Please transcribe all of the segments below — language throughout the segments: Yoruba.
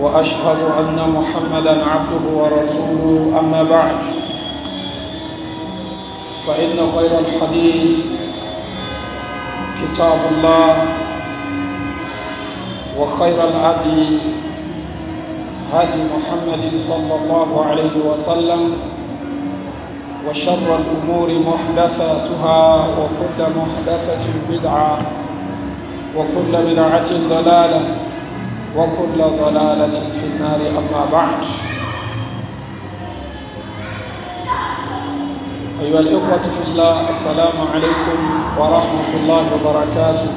وأشهد أن محمدا عبده ورسوله أما بعد فإن خير الحديث كتاب الله وخير الهدي هدي محمد صلى الله عليه وسلم وشر الأمور محدثاتها وكل محدثة بدعة وكل بدعة ضلالة وكل ضلالة في النار أما بعد أيها الإخوة في الله السلام عليكم ورحمة الله وبركاته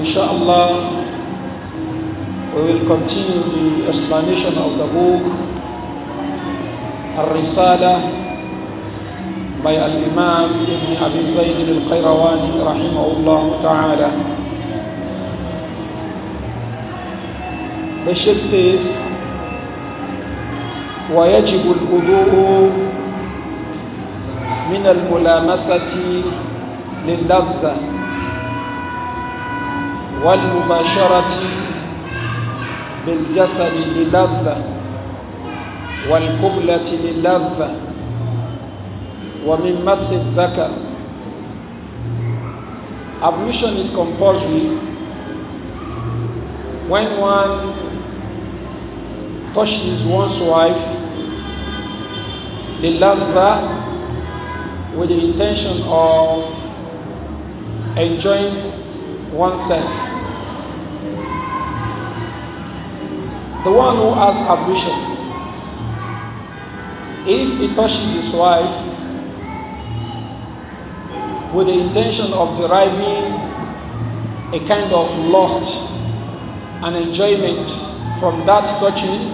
إن شاء الله we will continue the explanation of the book الرسالة by Al-Imam Ibn Abi Zayd Al-Qayrawani rahimahullah ta'ala. The Sheikh says, ويجب الوضوء من الملامسة للذة والمباشرة بالجسد للذة والقبلة للذة وَمِنْ مَسِّ الذَّكَرِ Ablution is compulsory when one touches one's wife, the love with the intention of enjoying oneself. The one who has ambition, if he touches his wife with the intention of deriving a kind of lust and enjoyment from that touching,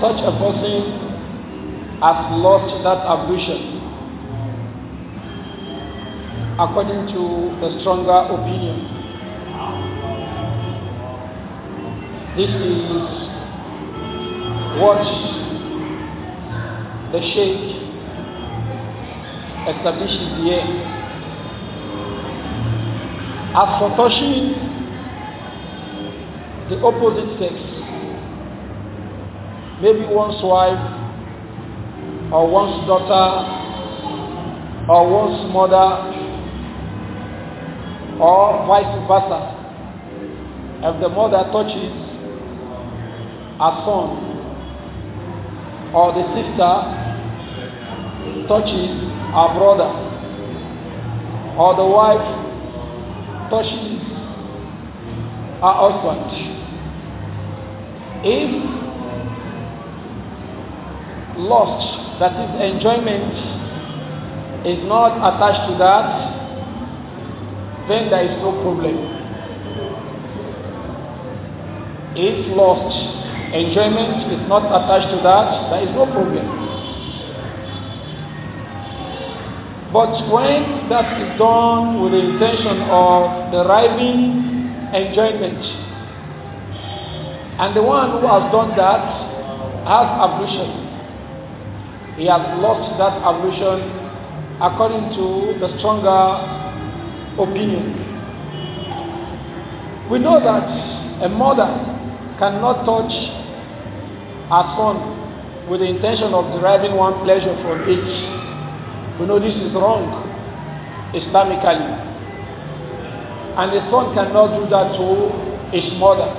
such a person has lost that ambition. according to the stronger opinion. This is what the Sheikh establishes here. As for touching the opposite sex, maybe one's wife or one's daughter or one's mother or vice versa. If the mother touches her son or the sister touches Our brother or the wife touches her husband. If lust, that is enjoyment, is not attached to that, then there is no problem. If lust, enjoyment is not attached to that, there is no problem. But when that is done with the intention of deriving enjoyment, and the one who has done that has ablution, he has lost that ablution according to the stronger opinion. We know that a mother cannot touch her son with the intention of deriving one pleasure from it. We know this is wrong Islamically. And a son cannot do that to his mother.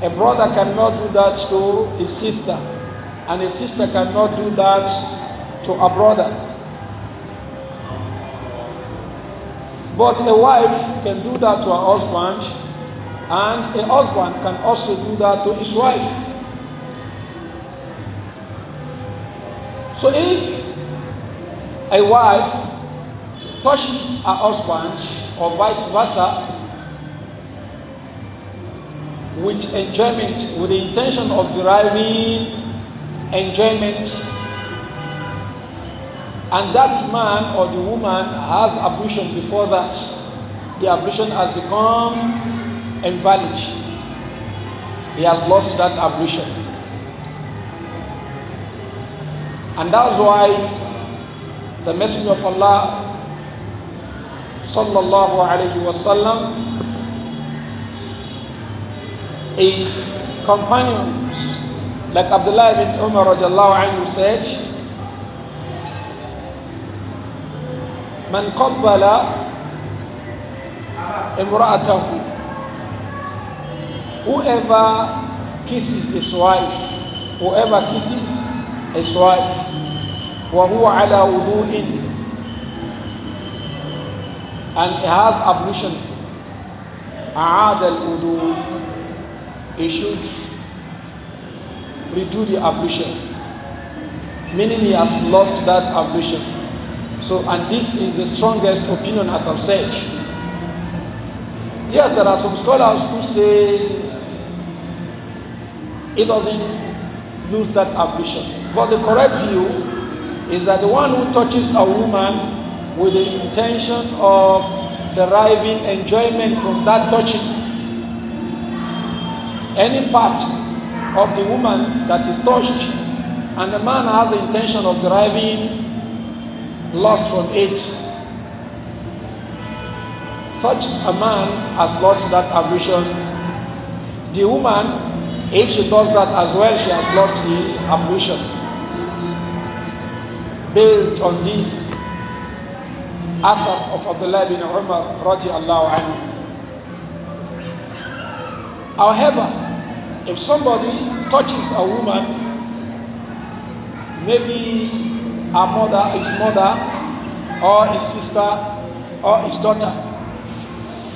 A brother cannot do that to his sister. And a sister cannot do that to a brother. But a wife can do that to her husband, and a husband can also do that to his wife. So if a wife touches her husband or vice versa with enjoyment, with the intention of deriving enjoyment, and that man or the woman has ablution before that, the ablution has become invalid. He has lost that ablution. And that's why the Messenger of Allah sallallahu alayhi wasallam his companions like Abdullah ibn Umar radiallahu anhu said من قبل امرأته whoever kisses his wife whoever kisses his wife وهو على وضوء and he has ablution أعاد الوضوء he should redo the ablution meaning he has lost that ablution so and this is the strongest opinion as I've said yes there are some scholars who say it doesn't lose that ablution but the correct view is that the one who touches a woman with the intention of deriving enjoyment from that touching, any part of the woman that is touched, and the man has the intention of deriving lust from it, such a man has lost that ambition. The woman, if she does that as well, she has lost the ambition. based on this Asaf of Abdullah bin Umar radiallahu anhu. However, if somebody touches a woman, maybe a mother, his mother, or his sister, or his daughter,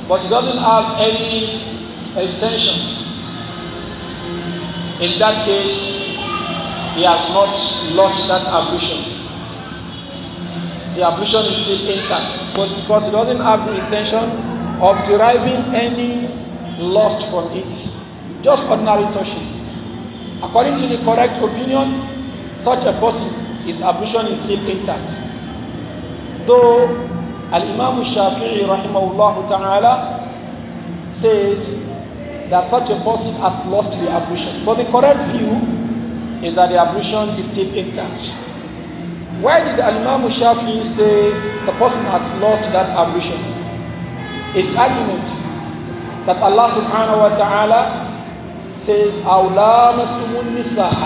but he doesn't have any extension, in that case, he has not lost that ablution the ablution is still intact, but because it doesn't have the intention of deriving any loss from it, just ordinary touching. According to the correct opinion, such a person, his ablution is still intact. Though Al-Imam Shafi'i rahimahullah ta'ala says that such a person has lost the ablution. But the correct view is that the ablution is still intact. Why did Al-Imam Shafi say the person has lost that ambition? His argument that Allah subhanahu wa ta'ala says, أَوْلَا مَسُمُ النِّسَاءَ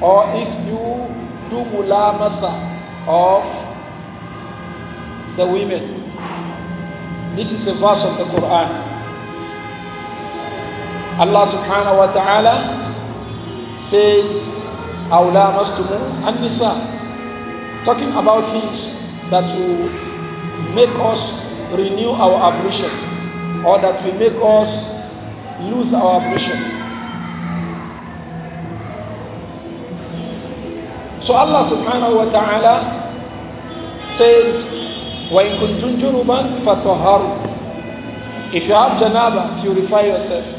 Or if you do mulamasa of the women. This is a verse of the Quran. Allah subhanahu wa ta'ala says, أو لامستم النساء talking about things that will make us renew our ablution or that will make us lose our ablution. So Allah subhanahu wa ta'ala says, وَإِن كُنْتُمْ جُنُبًا فَطَهَرُوا If you have janaba, purify yourself.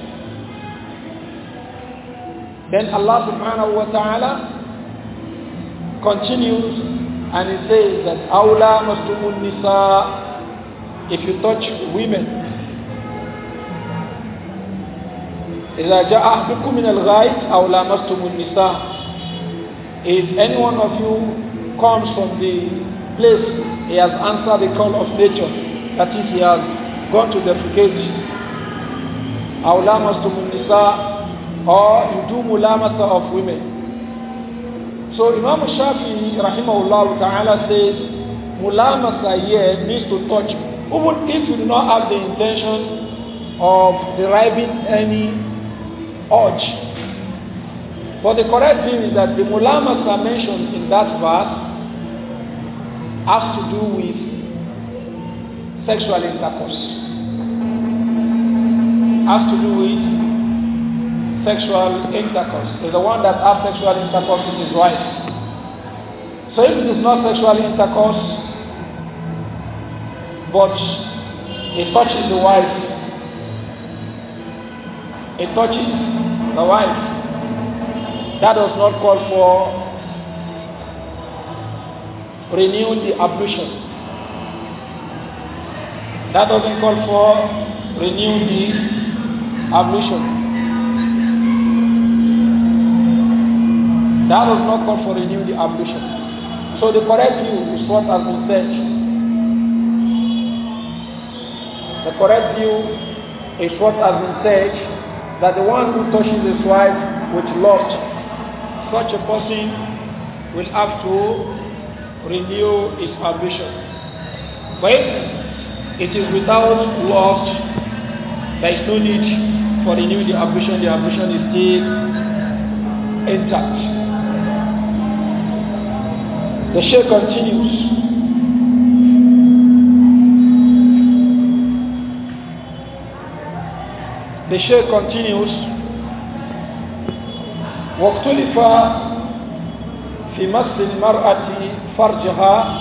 Then Allah subhanahu wa ta'ala continues and he says that Aula Mastumun Nisa if you touch women If any one of you comes from the place he has answered the call of nature that is he has gone to defecate أو لامستم النساء or you do mulamasa of women. So Imam Shafi rahimahullah ta'ala says mulamasa here means to touch even if you do not have the intention of deriving any urge. But the correct thing is that the mulamasa mentioned in that verse has to do with sexual intercourse. Has to do with sexual intercourse. Is the one that has sexual intercourse with his wife. So if it is not sexual intercourse, but it touches the wife, it touches the wife, that does not call for renewing the ablution. That doesn't call for renewing the ablution. That does not call for renewing the ambition. So the correct view is what has been said. The correct view is what has been said that the one who touches his wife with lust, such a person will have to renew his ambition. But it is without lust, there is no need for renewing the ambition. The ambition is still intact. The Shaykh continues. The Shaykh continues. واختلف في مس المرأة فرجها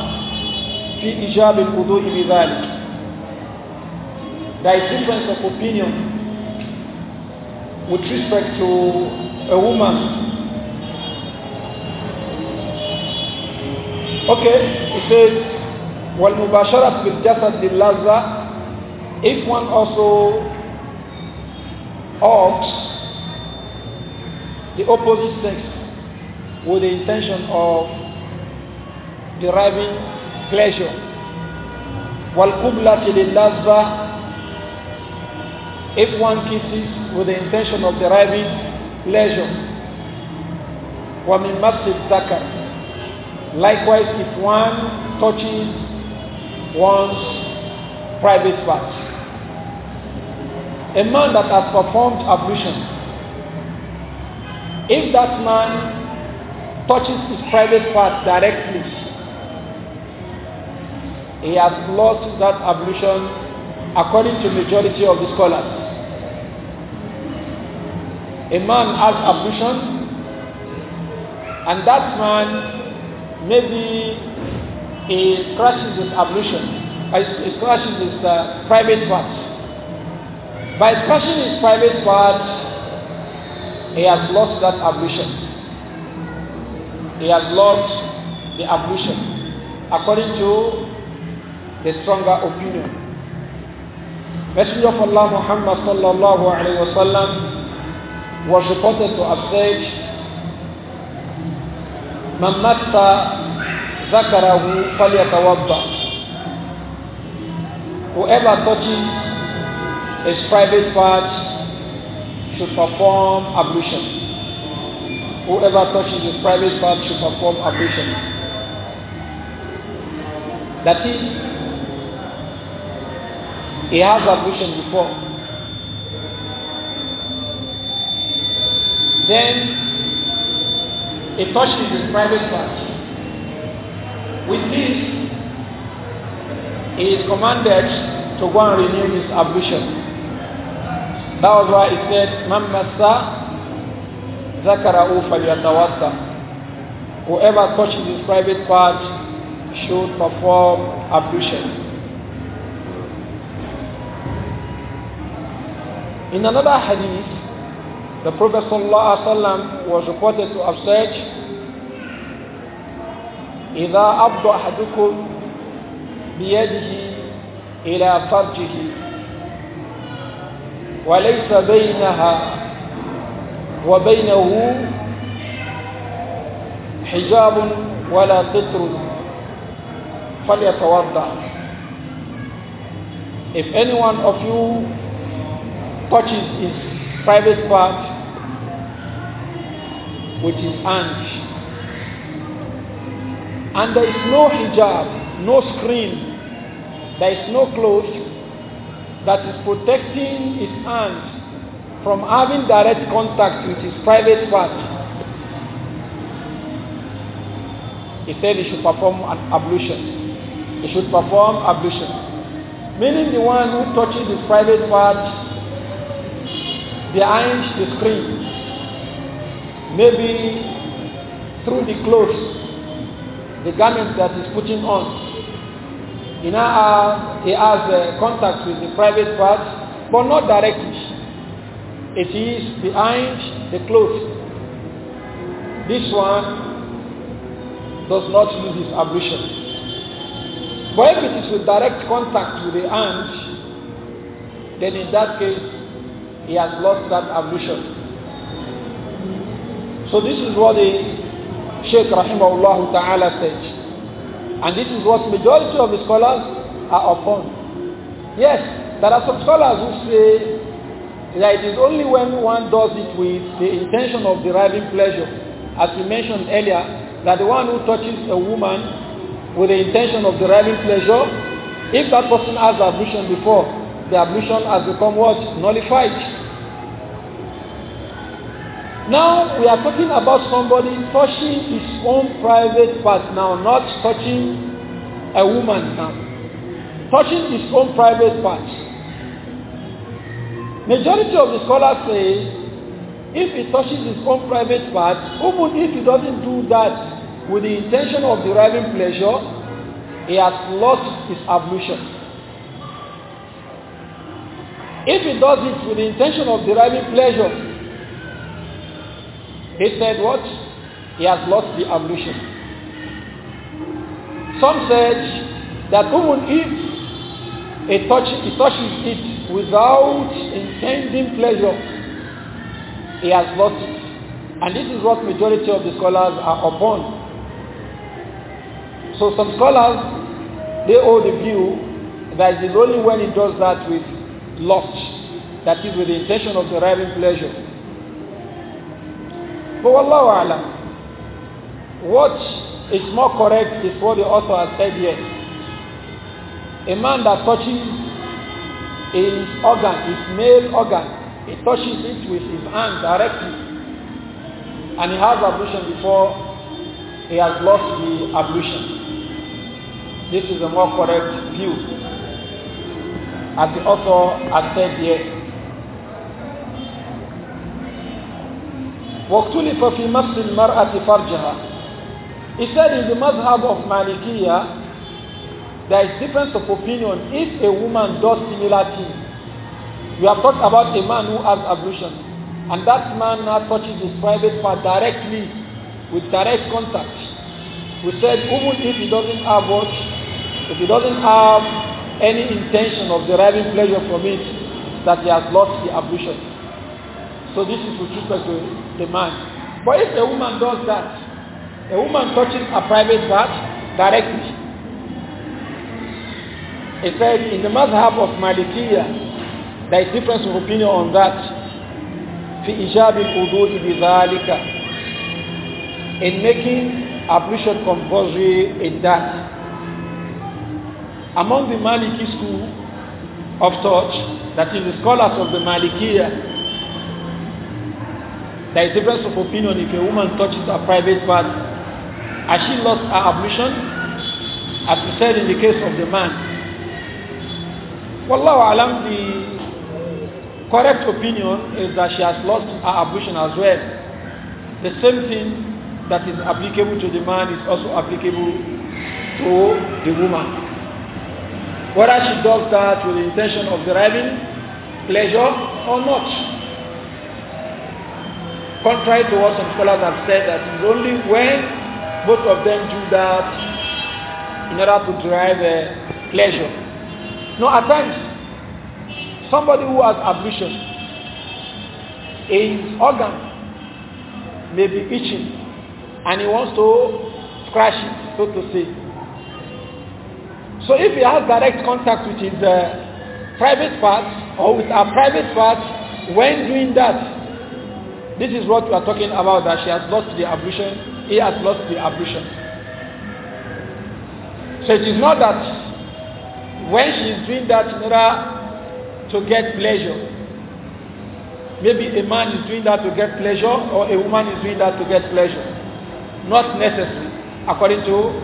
في إيجاب الوضوء بذلك. There is difference of opinion with respect to a woman Okay, it says, وَالْمُبَاشَرَةُ بِالْجَسَدِ لِلَّذَّةِ If one also opts the opposite sex with the intention of deriving pleasure, وَالْقُبْلَةِ لِلَّذَّةِ If one kisses with the intention of deriving pleasure, وَمِنْ مَسِّ الذَّكَرِ Likewise, if one touches one's private part, a man that has performed ablution, if that man touches his private part directly, he has lost that ablution according to majority of the scholars. A man has ablution and that man maybe he crashes his ablution, he crashes his uh, private part. By crashing his private part, he has lost that ablution. He has lost the ablution, according to the stronger opinion. Messenger of Allah Muhammad sallallahu alaihi wasallam was reported to have said man massa zakarahu falyatawadda whoever touches his private part should perform ablution whoever touches his private part should perform ablution. That is, he has ablution before. Then a touch his private part. With this, he is commanded to go and renew his ablution. That was why he said, "Mammasa Zakara zakarahu Whoever touches his private part should perform ablution. In another hadith, the Prophet ﷺ was reported to have said, إذا أبض أحدكم بيده إلى فرجه وليس بينها وبينه حجاب ولا ستر فليتوضأ If anyone of you touches his private part with his hand And there is no hijab, no screen, there is no cloth that is protecting his hands from having direct contact with his private part. He said he should perform an ablution. He should perform ablution. Meaning the one who touches his private part behind the screen, maybe through the clothes the garment that he's putting on. He now has, he has uh, contact with the private parts, but not directly. It is behind the clothes. This one does not lose his ablution. But if it is with direct contact with the hand, then in that case, he has lost that ablution. So this is what the Sheikh Rahimahullah Ta'ala said. And this is what majority of the scholars are upon. Yes, there are some scholars who say that it is only when one does it with the intention of deriving pleasure. As we mentioned earlier, that the one who touches a woman with the intention of deriving pleasure, if that person has ablution before, the ablution has become what? Nullified. Now we are talking about somebody touching his own private part now, not touching a woman now. Touching his own private part. Majority of the scholars say if he touches his own private part, even if he doesn't do that with the intention of deriving pleasure, he has lost his ablution. If he does it with the intention of deriving pleasure, They said what? He has lost the ablution. Some said that woman if it touches, it touches it without intending pleasure, he has lost it. And this is what majority of the scholars are upon. So some scholars, they hold the view that it is only when he does that with lust, that is with the intention of deriving pleasure, But Allah alam. What is more correct is what the author has said here. A man that touches his organ, his male organ, he touches it with his hand directly, and he has ablution before he has lost the ablution. This is a more correct view, as the author has said here. واختلف في مس المرأة فرجها He said in the madhab of Malikiya, there is difference of opinion if a woman does similar thing. We have talked about a man who has ablution and that man now touches his private part directly with direct contact. We said even if he doesn't have what, if he doesn't have any intention of deriving pleasure from it, that he has lost the ablution. So this is with respect to the man. But if a woman does that, a woman touches a private part directly. It says in the madhab of Malikiya, there is difference of opinion on that. في إيجاب الحدود بذلك in making ablution compulsory in that. Among the Maliki school of thought, that is the scholars of the Malikiya, There is difference of opinion if a woman touches a private part. Has she lost her ablution? As we said in the case of the man. Wallahu alam, the correct opinion is that she has lost her ablution as well. The same thing that is applicable to the man is also applicable to the woman. Whether she does that with the intention of deriving pleasure or not. contrary to what some scholars have said, that it's only when both of them do that in order to derive a pleasure. No, at times, somebody who has ablution, his organ may be itching and he wants to scratch it, so to say. So if he has direct contact with his uh, private parts or with our private parts, when doing that, This is what we are talking about that she has lost the ablution, he has lost the ablution. So it is not that when she is doing that in order to get pleasure, maybe a man is doing that to get pleasure or a woman is doing that to get pleasure. Not necessary, according to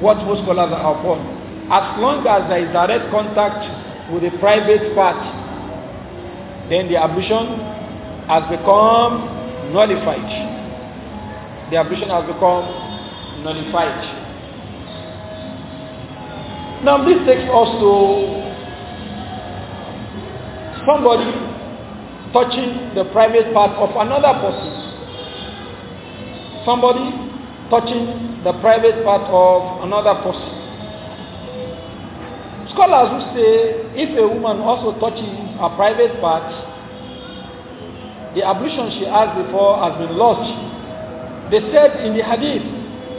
what most scholars are upon. As long as there is direct contact with the private part, then the ablution has become nullified. The ablution has become nullified. Now this takes us to somebody touching the private part of another person. Somebody touching the private part of another person. Scholars will say if a woman also touches a private part, the ablution she asked before has been lost. They said in the hadith,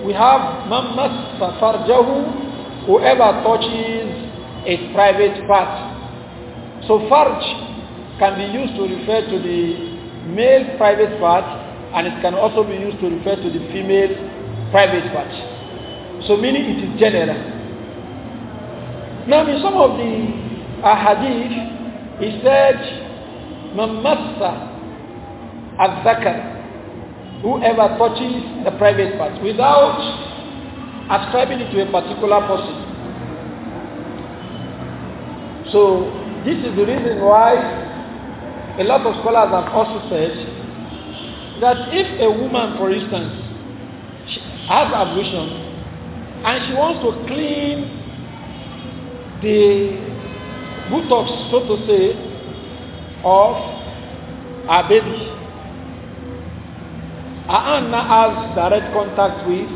we have mammas farjahu, whoever touches a private part. So farj can be used to refer to the male private part and it can also be used to refer to the female private part. So meaning it is general. Now in some of the ahadith, he said, mamassa and second, whoever touches the private part, without ascribing it to a particular person. So this is the reason why a lot of scholars have also said that if a woman, for instance, has ablution and she wants to clean the buttocks, so to say, of her baby. An has direct contact with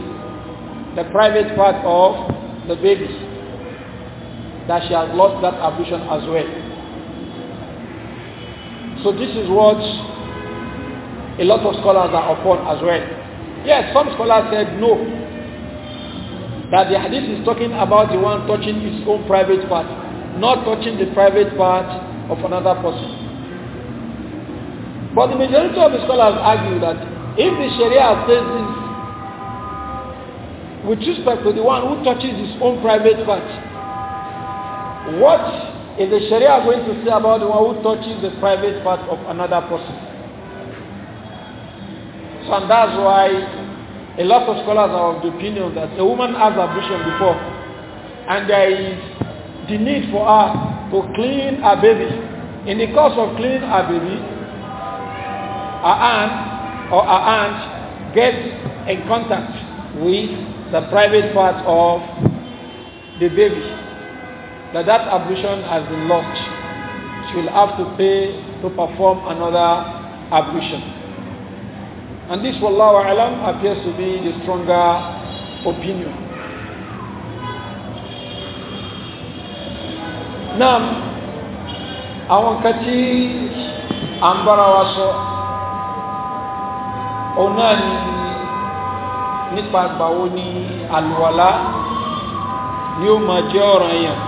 the private part of the baby. That she has lost that ablution as well. So this is what a lot of scholars are upon as well. Yes, some scholars said no. That the hadith is talking about the one touching his own private part, not touching the private part of another person. But the majority of the scholars argue that If the Sharia says this with respect to the one who touches his own private part, what is the Sharia going to say about the one who touches the private part of another person? So and that's why a lot of scholars are of the opinion that a woman has abortion before and there is the need for her to clean her baby. In the course of cleaning her baby, her aunt or our aunt gets in contact with the private part of the baby, that that abortion has been lost. She will have to pay to perform another abortion. And this, wallahu alam, appears to be the stronger opinion. Now, àwọn kati, tí à òun náà ni nípa àgbàwo ni àlùwàlá ni ó máa jẹ́ ọ̀ràn èèyàn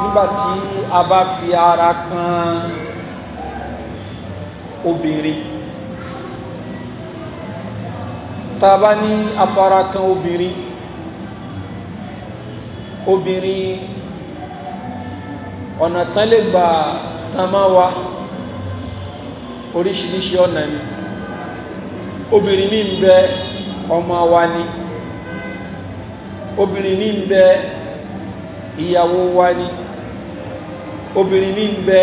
nígbàtí a bá fi ara kan obìnrin tá a bá ní afara kan obìnrin obìnrin ọ̀nà tán lè gbà tán máa wá oríṣiríṣi ọ̀nà ni. obìnrin ní ń bẹ ọmọ wa ni obìnrin ní ń bẹ ìyàwó wa ni obìnrin ní ń bẹ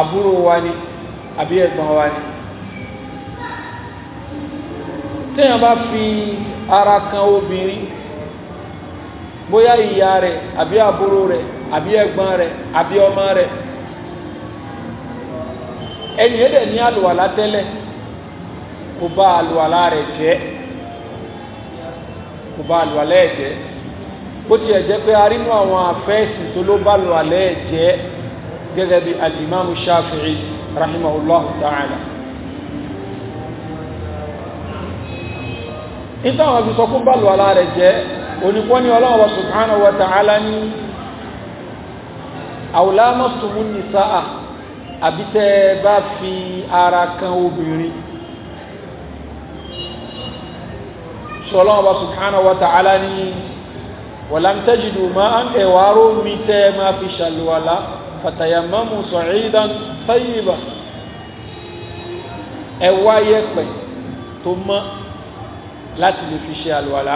àbúrò wa ni àbí ẹ̀gbọ́n wa ni téèyàn bá fi ara kan obìnrin bóyá ìyá rẹ̀ àbí àbúrò rẹ̀ àbí ẹ̀gbọ́n rẹ̀ àbí ọmọ rẹ̀ ẹni yẹn dẹ̀ ní àlùwàlá tẹ́lẹ̀ kò bá àlùwàlá rẹ̀ jẹ́ kò bá àlùwàlá ẹ̀ jẹ́ bó tiẹ̀ jẹ́ pé a rínú àwọn àfẹ́ẹ̀sì tó ló bá àlùwàlá ẹ̀ jẹ́ gẹ́gẹ́ bí alimami shafi'i rahimahullahu ta'ala. ìtàn àwọn abisọ kó bá àlùwàlá rẹ̀ jẹ́ onípọ́ ni ọlọ́wọ́ subhanahu wa ta'ala ní àwùlá mọ́sùmù nìsáà àbí tẹ́ ẹ bá fi ara kan obìnrin sọlọ́wọ́ bá subhanahu wa ta'ala ní walam tajidu ma'an ẹ̀wà rómi tẹ́ ẹ máa fi ṣàlùwàlá fatayamamu sa'idan tayyiba ẹ̀wà yẹ̀pẹ̀ tó mọ́ láti lè fi ṣe àlùwàlá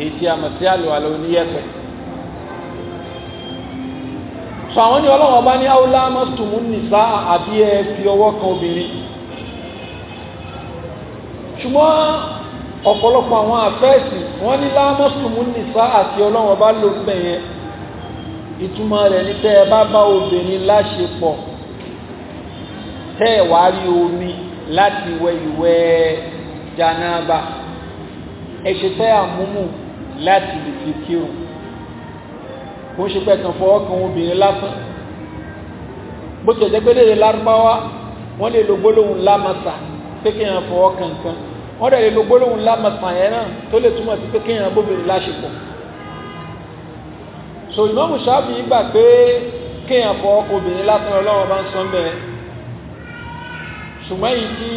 èyí tí a mọ̀ sí àlùwàlá oníyẹ̀pẹ̀ so àwọn ní ọlọ́wọ́ bá ní áwùlá mọ́tòmù nìsá àbí ẹ fi ọwọ́ kan obìnrin ṣùgbọ́n ọ̀pọ̀lọpọ̀ àwọn àfẹ́ẹ̀sì wọ́n ní lámọ́tòmù nìsá àti ọlọ́wọ́ bá lò bẹ̀yẹn ìtumọ̀ rẹ̀ ní tẹ́ ẹ bá bá obìnrin láṣepọ̀ tẹ́ ẹ wá rí omi láti wẹ ìwẹ̀ ẹ ṣe tẹ́ àmúmù láti lè fi kírun kò ń ṣe pẹ́ kan fọwọ́ kan obìnrin lásán bó ti ẹ̀jẹ́ pé léde lárúbáwá wọ́n lè lo gbólóhùn lámasà pé kéèyàn fọwọ́ kankan wọ́n dẹ̀ lè lo gbólóhùn lámasà yẹn náà tó lè túmọ̀ sí pé kéèyàn bóbìnrin láṣepọ̀ so ìmọ̀mù ṣáàbì gbà pé kéèyàn fọwọ́ kan obìnrin lásán ọlọ́wọ́ bá ń sọ mẹ́ẹ̀ ṣùgbọ́n èyí tí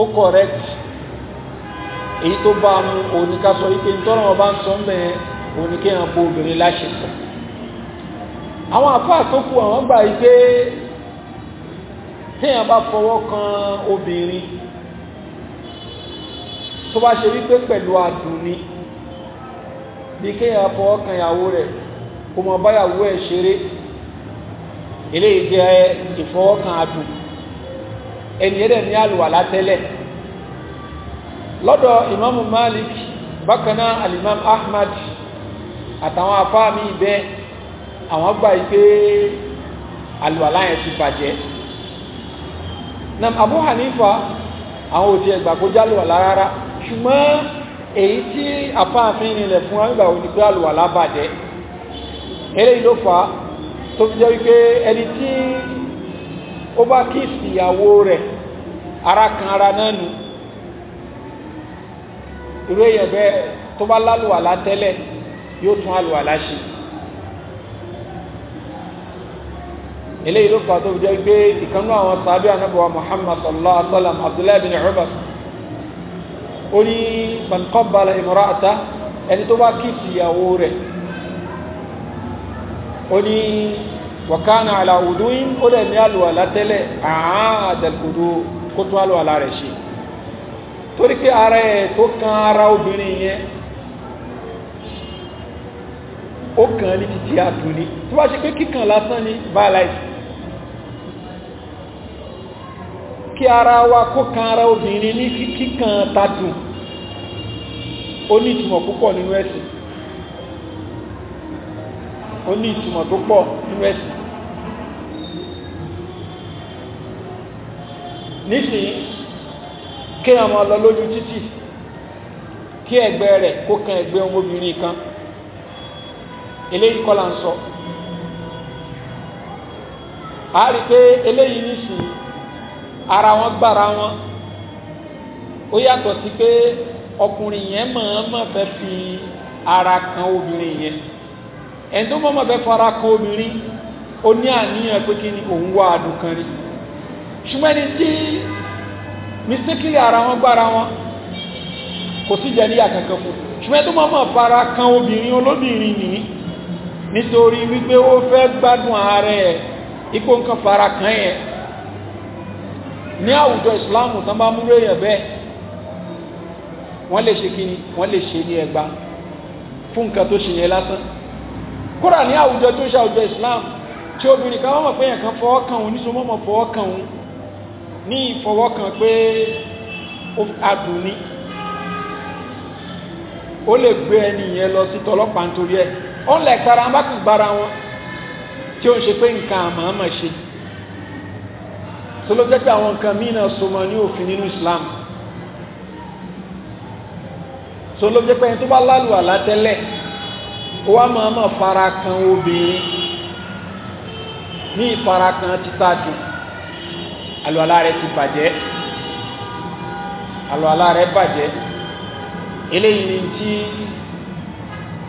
ó correct èyí tó bá mu òun ká sọ wípé ntọ́nà ń sọ òun ni kéèyàn bó obìnrin láṣepọ̀ àwọn àfáà tó kù àwọn gbà yí pé téèyàn bá fọwọ́ kan obìnrin tó bá ṣe wípé pẹ̀lú adùn ni bí kéèyàn fọwọ́ kan ìyàwó rẹ̀ kó mọ báyàwó ẹ̀ ṣeré eléyìí jẹ́ ìfọwọ́ kan ẹni ẹ̀rẹ̀ ní àlùwàlá tẹ́lẹ̀ lọ́dọ̀ Imam Malik bákan náà alimam Ahmad àtàwọn afá mi bẹ́ àwọn gbà yí pé àlùwàlá yẹn ti bàjẹ́ nam Abu Hanifa àwọn òdi ẹgbà kó jálùwàlá rárá ṣùgbọ́n èyí tí afáàfin nílẹ̀ fún wa nígbà òní pé àlùwàlá bàjẹ́ eléyìí ló fà á tó fi jẹ́ wípé ẹni tí ó bá kíìsì ìyàwó rẹ̀ ara kan ara náà nù irú èèyàn bẹ́ẹ̀ tó bá lálùwàlá tẹ́lẹ̀ yóò tún àlùwàlá ṣe eléyìí ló fà tó fi jẹ́ pé ìkànnú àwọn sàbí anábọ̀wá muhammad sallallahu alaihi wa sallam abdullahi bin umar ó ní bankọ́bala imra'ata ẹni tó bá kíìsì ìyàwó rẹ̀ ó ní wakana ala wuduin ó dẹ̀ ní àlùwàlá tẹ́lẹ̀ àádẹ́kùdù kó tún àlùwàlá rẹ̀ ṣe torí pé ara ẹ̀ tó kan ara obìnrin yẹn ó kàn ní títí àdùn ní tó bá ṣe pé kíkàn lásán ní violence kí ara wa kó kan ara obìnrin ní kíkàn tàdùn ó ní ìtumọ̀ púpọ̀ nínú ẹ̀sìn ó ní ìtumọ̀ tó pọ̀ nínú ẹ̀sìn nísìnyí kí àwọn ọlọ lójú títì kí ẹgbẹ́ rẹ̀ kó kan ẹgbẹ́ ọmọbìnrin kan eléyìí kọ́ la ń sọ a rí pé eléyìí nísìnyí ara wọn gbára wọn ó yàtọ̀ sí pé ọkùnrin yẹn mọ̀ọ́mọ̀ fẹ́ fi ara kan obìnrin yẹn ẹni tó mọ̀ọ́mọ̀ fẹ́ fara kan obìnrin ó ní àníyàn pé kí ni òun wá adùn kan ṣùgbọ́n ẹni tí mistakenly ara wọn gbára wọn kò sí jẹ́ níyà kankan fún ṣùgbọ́n ẹni tó mọ̀ọ́mọ̀ fara kan obìnrin olóbìnrin nìyí nítorí wípé ó fẹ́ gbádùn ààrẹ ẹ̀ ipò nǹkan fara kan yẹn ní àwùjọ ìsìláàmù tán bá múlò èèyàn bẹ́ẹ̀ wọ́n lè ṣe kí ni wọ́n lè ṣe ní ẹgbà fún nǹkan tó ṣe yẹn lásán kódà ní àwùjọ tó ṣe àwùjọ ìsìláàmù tí obìnrin kan wọ́n mọ̀ pé ẹ̀kan fọwọ́ kan òun níṣo mọ́mọ́ fọwọ́ kan òun ní ìfọwọ́ kan pé adùn ni ó lè gbé ẹni yẹn lọ sí tọlọ́pàá nítorí ẹ̀ ó ń lẹ̀ tara bá kàn gbára wọn tí ó ń ṣe pé nǹkan àmàmà ṣe tó ló jẹ́ pé àwọn nǹkan míì náà so mọ ní òfin nínú Islam tó ló jẹ́ pé ẹni tó bá lálùwàlá tẹ́lẹ̀ ó wá máa máa fara kan obìnrin ní ìfara kan títa dùn àlùwàlá rẹ̀ ti bàjẹ́ àlùwàlá rẹ̀ bàjẹ́ eléyìí ni tí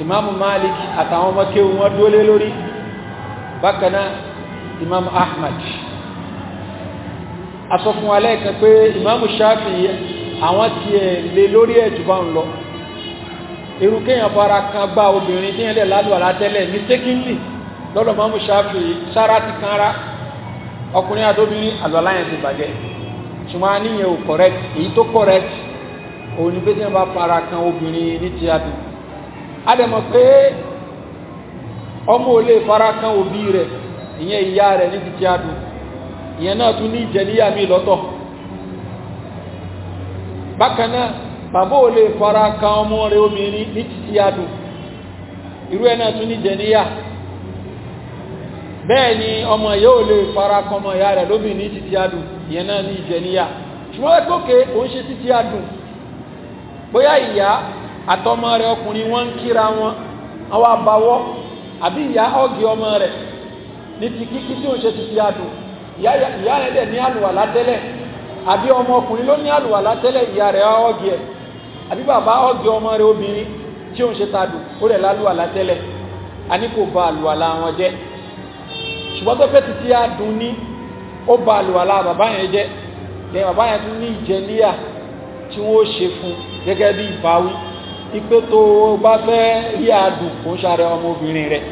imam malik àtàwọn ọmọ kéwù wọn dúró lé lórí bákan náà imam ahmad a sọ fún wa lẹ́ẹ̀kan pé imam shafi àwọn tiẹ̀ lé lórí ẹ̀ jù bá ń lọ irú kéèyàn fara kan gba obìnrin tí yẹn lè lálù àlátẹ́lẹ̀ mistakenly lọ́dọ̀ mọ́mú Shafi sára ti kanra ọkùnrin àdóbìnrin àlọ́lá yẹn ti bàjẹ́ ṣùgbọ́n níyẹn ò correct èyí tó correct òun ni pé tí wọ́n bá fara kan obìnrin ní ti àdùn adẹ̀mọ̀ pé ọmọ olè fara kan òbí rẹ̀ ìyẹn ìyá rẹ̀ ní títí adùn ìyẹn náà tún ní mi lọ́tọ̀ bákan bàbá olè fara kan ọmọ rẹ̀ obìnrin ní títí adùn irú ẹ̀ náà tún ní bẹ́ẹ̀ ni ọmọ ìyá olè fara kan ọmọ ìyá rẹ̀ lóbìnrin ní títí adùn ìyẹn náà ní àtọmọ rẹ̀ ọkùnrin wọ́n ń kíra wọn àwọn àbáwọ́ àbí ìyá ọ̀gì ọmọ rẹ̀ ní ti kíkí tí ó ń ṣe ti ti adùn ìyá rẹ̀ dẹ̀ ní àlùwàlá tẹ́lẹ̀ àbí ọmọ ọkùnrin ló ní àlùwàlá tẹ́lẹ̀ ìyá rẹ̀ ọ̀gì ẹ̀ àbí bàbá ọ̀gì ọmọ rẹ̀ obìnrin tí ó ń ṣe tadùn ó rẹ̀ lálùwàlá tẹ́lẹ̀ a ní kò ba àlùwàlá wọn jẹ́ ṣùgbọ́n tó fẹ́ ti ti adùn ní ó ba àlùwàlá bàbá yẹn jẹ́ bàbá yẹn tún ní ìjẹníyà tí wọ́n ó ṣe fún gẹ́gẹ́ bí ìbáwí ipe tó bá fẹ́ rí adùn kò ń ṣàrẹ ọmọbìnrin rẹ̀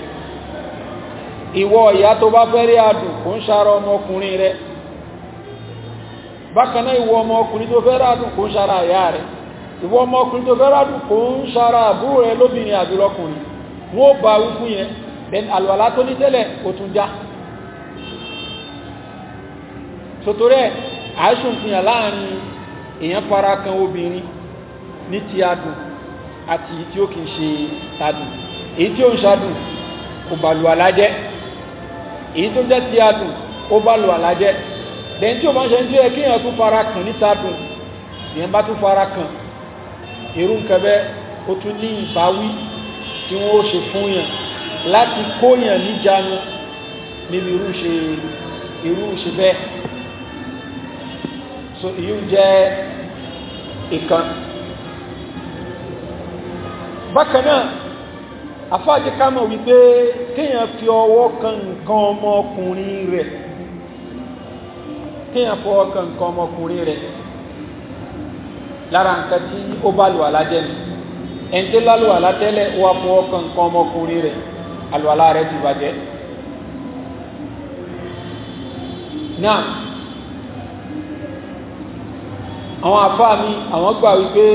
ìwọ ìyá tó bá fẹ́ rí adùn kò ń ṣàrẹ ọmọkùnrin rẹ̀ bákanáà ìwọ ọmọkùnrin tó fẹ́ rádùn kò ń ṣàrẹ ko rẹ̀ ìwọ ọmọkùnrin tó fẹ́ rádùn kò ń ṣàrẹ àbúrò rẹ̀ lóbìnrin àbúrọkùnrin wọn ò bá wí yẹn then àlùwàlá tó ní tẹ́lẹ̀ kò tún já sotorẹ́ àásùn láàrin èèyàn fara kan obìnrin ti adùn àti èyí tí ó kìí ṣe tadùn èyí tí ó ń ṣadùn kò bá lu àlájẹ́ èyí tó jẹ́ ti adùn ó bá lu àlájẹ́ lẹ́yìn tí ó máa ń ṣe ń jẹ́ kí èèyàn tún fara kàn ní tadùn èèyàn bá tún fara kàn irú nǹkan bẹ́ẹ̀ ó tún ní ìbáwí tí wọ́n ó ṣe fún yàn láti kó yàn níjànú níbi irú ṣe irú ṣe bẹ́ẹ̀ so èyí ń jẹ́ ìkan bákan náà kama ká mọ̀ wípé kéèyàn fi ọwọ́ kan nǹkan ọmọkùnrin rẹ̀ kéèyàn fi ọwọ́ kan nǹkan ọmọkùnrin rẹ̀ lára nǹkan tí ó bá lù alájẹ́ ni ẹni tí lálù wà fún ọwọ́ kan nǹkan ọmọkùnrin rẹ̀ àlùalá rẹ̀ ti bàjẹ́ náà àwọn afáà mi àwọn gbà wípé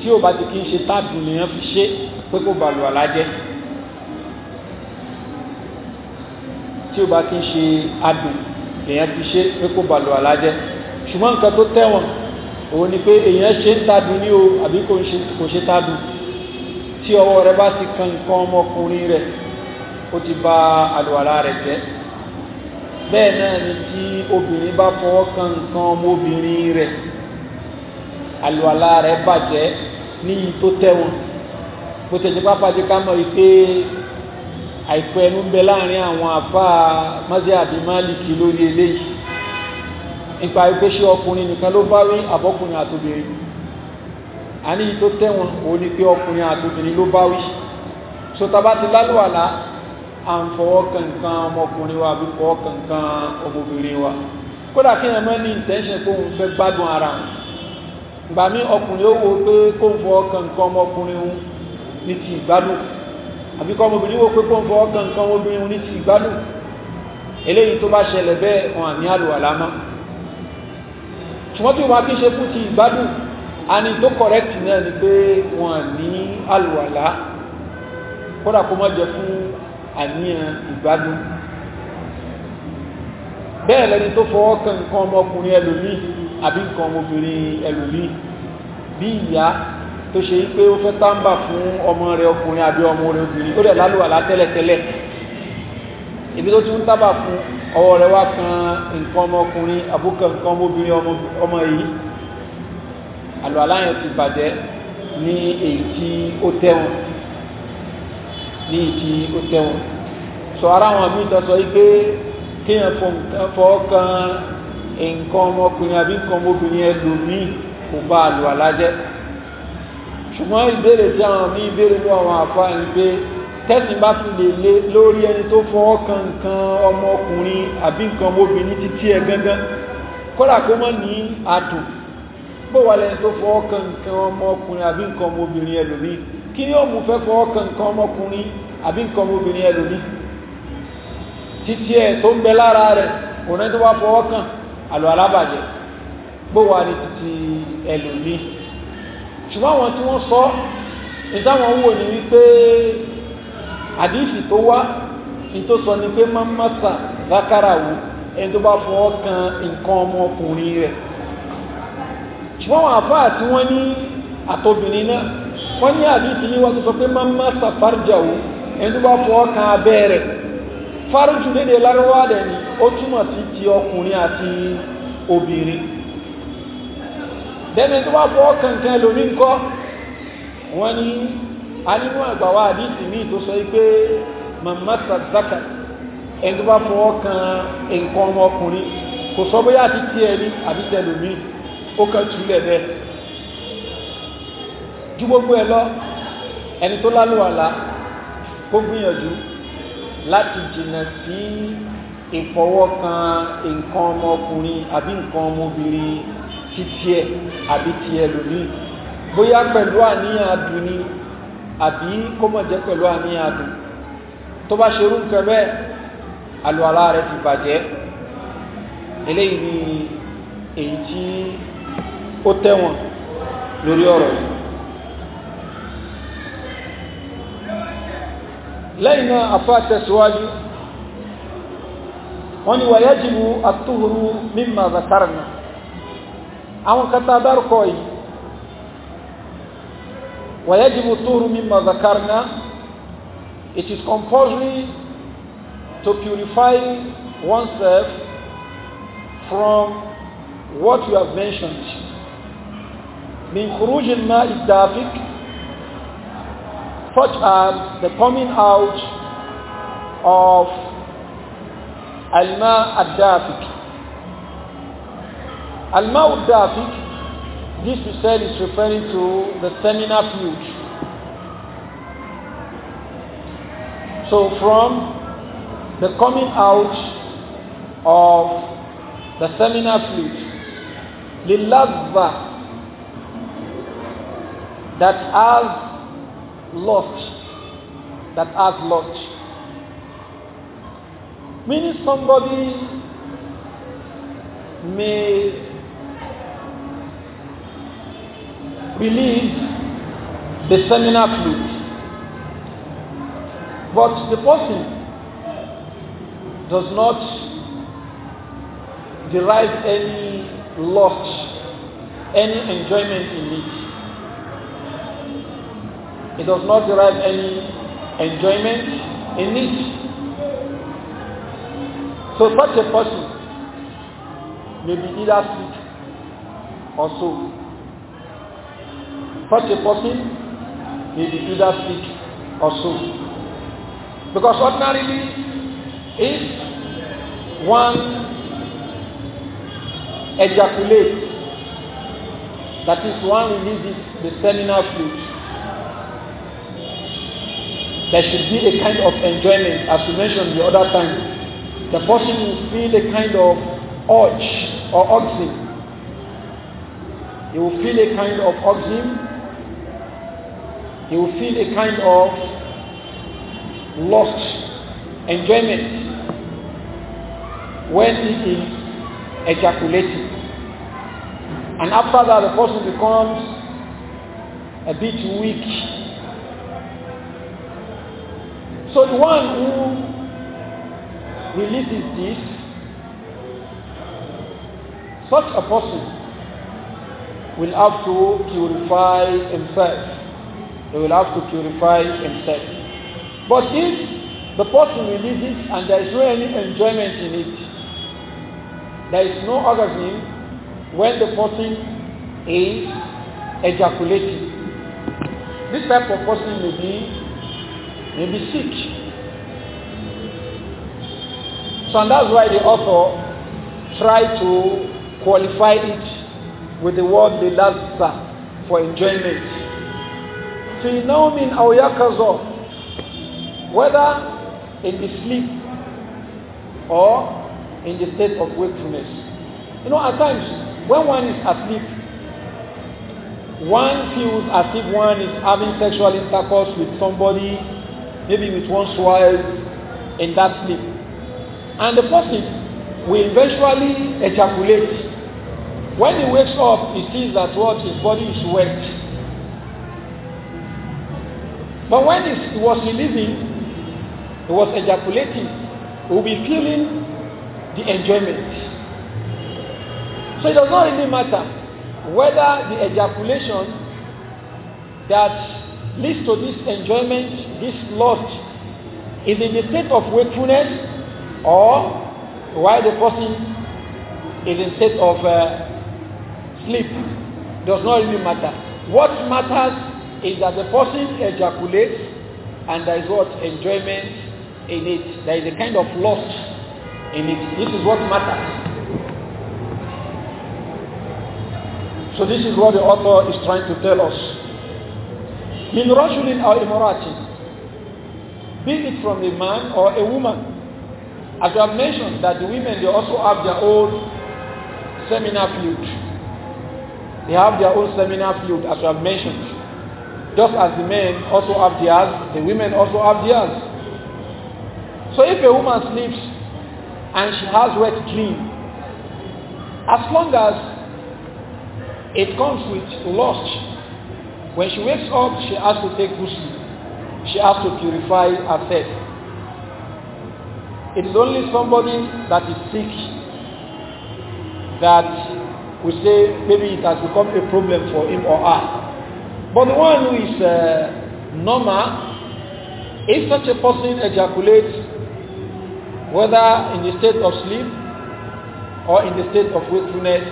tí ò bá ti kí ń ṣe táàbù nìyẹn fi ṣe pé kó balùwẹ̀ alájẹ́ tí ò bá kí ń ṣe adùn nìyẹn fi ṣe pé kó balùwẹ̀ alájẹ́ ṣùgbọ́n nǹkan tó tẹ̀wọ̀n òun ni pé èèyàn ṣe ń tàbí ní o àbí kò ṣe tàbí tí ọwọ́ rẹ bá ti kan nǹkan ọmọkùnrin rẹ ó ti bà àlùwàlá rẹ jẹ́ bẹ́ẹ̀ náà ni tí obìnrin bá fọwọ́ kan nǹkan ọmọbìnrin rẹ àlùwàlá rẹ bàjẹ́ ní iye tó tẹ́ wọn bó ṣe jẹ́ pápájẹ́ ká mọ̀ wípé àìpẹ́ ẹnu ń bẹ láàrin àwọn àfá mazhabi Maliki lórí eléyìí nípa wípé ṣé ọkùnrin nìkan ló bá wí àbọ́kùnrin àtòbìnrin a ní iye tó tẹ́ wọn ò ní pé ọkùnrin àtòbìnrin ló bá wí so taba ti lálùwàlá à ń fọwọ́ kankan ọmọkùnrin wa àbí fọwọ́ kankan ọmọbìnrin wa kódà kí ẹ ní intention kó òun fẹ́ gbádùn ara wọn gbà mí ọkùnrin ó wo pé kó ń fọ ọkàn nǹkan ọmọkùnrin òun ní ti ìgbádùn àbí kọ́ ọmọbìnrin wo pé kó ń fọ ọkàn nǹkan ọmọbìnrin òun ní ti ìgbádùn eléyìí tó bá ṣẹlẹ̀ bẹ́ẹ̀ wọn àní àlùwàlá mọ́ ṣùgbọ́n tí wọn kì í ṣe fún ti ìgbádùn àní tó correct náà ni pé wọn àní àlùwàlá kódà kó má jẹ fún àníyàn ìgbádùn bẹ́ẹ̀ lẹni tó fọwọ́ kan nǹkan ọmọkùnrin ẹlòmíì àbí nǹkan ọmọbìnrin ẹlòmíì bí ìyá tó ṣe pé ó fẹ́ táǹbà fún ọmọ rẹ ọkùnrin àbí ọmọ rẹ obìnrin ó dẹ̀ lálùwàlá tẹ́lẹ̀tẹ́lẹ̀ ibi tó ti ń tábà fún ọwọ́ rẹ wá kan nǹkan ọmọkùnrin àbúkọ nǹkan ọmọbìnrin ọmọ yìí àlùwàlá yẹn ti bàjẹ́ ní èyí tí ó tẹ́wọ̀n ní èyí tí ó tẹ́wọ̀n sọ ara wọn mi tọ́ sọ yìí pé kéèyàn fọ ọkàn nǹkan ọmọkùnrin àbí nǹkan ọmọbìnrin ẹlòmíì kò bá lò àlájẹ́ ṣùgbọ́n ìbéèrè tí àwọn ní ìbéèrè ló àwọn àfáà ní pé tẹ́sí bá fi lè lé lórí ẹni tó fọwọ́ kan nǹkan ọmọkùnrin àbí nǹkan ọmọbìnrin títí ẹ gángan kódà kó mọ́ ní àdùn bó wà lẹ́ni tó fọwọ́ kan nǹkan ọmọkùnrin àbí nǹkan ọmọbìnrin ẹlòmíì kí ni ó fẹ́ fọwọ́ kan nǹkan ọmọkùnrin àbí nǹkan ọmọbìnrin ẹlòmíì títí ẹ tó ń bẹ lára rẹ̀ òun ẹni tó bá fọwọ́ kan àlọ́ alábàjẹ́ gbówà ní títí ẹlòmí ṣùgbọ́n àwọn tí wọ́n sọ ìdáwọn wò ní wípé àdífì tó wá ní tó sọ ni pé mọ́mọ́sà zákàràwò ẹni tó bá fọwọ́ kan nǹkan ọmọkùnrin rẹ̀ ṣùgbọ́n àwọn àfáà tí wọ́n ní àtobìnrin náà wọ́n ní àdífì ní wọ́n tó sọ pé mọ́mọ́sà fárjàwò ẹni tó bá fọwọ́ kan abẹ́ rẹ̀ fárjù dédé lárúwádẹ́ ni ó túmọ̀ sí ti ọkùnrin àti obìnrin dẹ́ni tó bá fọ́ kankan lómi ńkọ́ wọ́n ní a nínú àgbà wa àdìsí míì tó sọ pé màmá sàzákà ẹni tó bá fọ́ kan nǹkan ọmọkùnrin kò sọ bóyá àti tiẹ̀ ní àbí tẹ̀ lómi ó kàn túlẹ̀ bẹ́ẹ̀ ju gbogbo ẹ lọ ẹni tó lálùwàlà kó gbìyànjú láti jìnnà sí ìfọwọ́kan nǹkan ọmọkùnrin àbí nǹkan ọmọbìnrin ti tiẹ̀ àbí ti ẹlòmíì bóyá pẹ̀lú àníyàn adùn ni àbí kó mọ̀ jẹ́ pẹ̀lú àníyàn adùn tó bá ṣerú nǹkan bẹ́ẹ̀ àlùwàlá rẹ̀ ti bàjẹ́ eléyìí ni èyí tí ó tẹ̀wọ̀n lórí ọ̀rọ̀ yìí lẹ́yìn náà afá tẹ̀síwájú wọ́n wàyájìbù àtúhùrú mímọ̀ zakarna àwọn kata dárúkọ wàyájìbù zakarna it is compulsory to purify oneself from what you have mentioned min ma such as the coming out of alma adafik alma adafik this we said is referring to the seminal fluid so from the coming out of the seminal fluid the lava that has lost that has lost Meaning somebody may believe the seminar flute, but the person does not derive any lust, any enjoyment in it. It does not derive any enjoyment in it. So such a person may be either sick or so. Such a person may be either sick or so. Because ordinarily, if one ejaculates, that is one releases the seminal fluid, there should be a kind of enjoyment, as we mentioned the other time the person will feel a kind of urge or oxym. He will feel a kind of oxym. He will feel a kind of lost enjoyment when he is ejaculating. And after that, the person becomes a bit weak. So the one who releases this, such a person will have to purify himself. He will have to purify himself. But if the person releases and there is no any enjoyment in it, there is no orgasm when the person is ejaculating. This type of person may be, may be sick So and that's why the author tried to qualify it with the word "the lilazza for enjoyment. في نوم أو يقظة whether in the sleep or in the state of wakefulness. You know, at times when one is asleep, one feels as if one is having sexual intercourse with somebody, maybe with one's wife, in that sleep. And the person will eventually ejaculate. When he wakes up, he sees that what his body is wet. But when he was releasing, he was ejaculating, he will be feeling the enjoyment. So it does not really matter whether the ejaculation that leads to this enjoyment, this lust, is in the state of wakefulness or why the person is in state of uh, sleep does not really matter. What matters is that the person ejaculates and there is what enjoyment in it. There is a kind of lust in it. This is what matters. So this is what the author is trying to tell us. Min rajulin or imratin, be it from a man or a woman, As we have mentioned that the women, they also have their own seminar field. They have their own seminar field, as we have mentioned. Just as the men also have theirs, the women also have theirs. So if a woman sleeps and she has wet dream, as long as it comes with lust, when she wakes up, she has to take ghusl. She has to purify herself. It is only somebody that is sick that we say maybe it has become a problem for him or her. But the one who is uh, normal, if such a person ejaculates, whether in the state of sleep or in the state of wakefulness,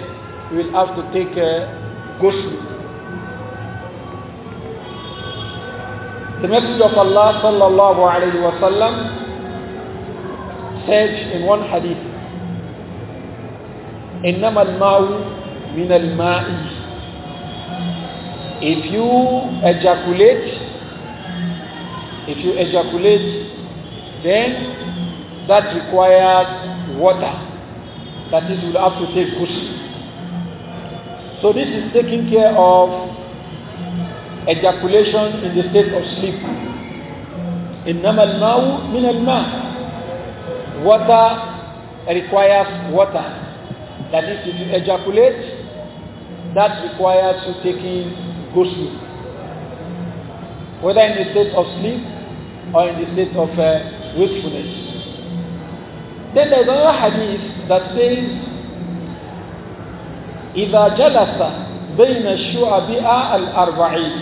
you will have to take uh, ghostly. The message of Allah sallallahu alayhi wa sallam in one hadith, إِنَّمَا الْمَاءُ مِنَ الْمَاءِ If you ejaculate, if you ejaculate, then that requires water. That is, you'll have to take ghusl. So this is taking care of ejaculation in the state of sleep. إنما الماء من الماء Water requires water. That is, if you ejaculate, that requires you taking ghusl. Whether in the state of sleep or in the state of uh, wakefulness. Then is another hadith that says, إذا جلس بين الشعباء الأربعين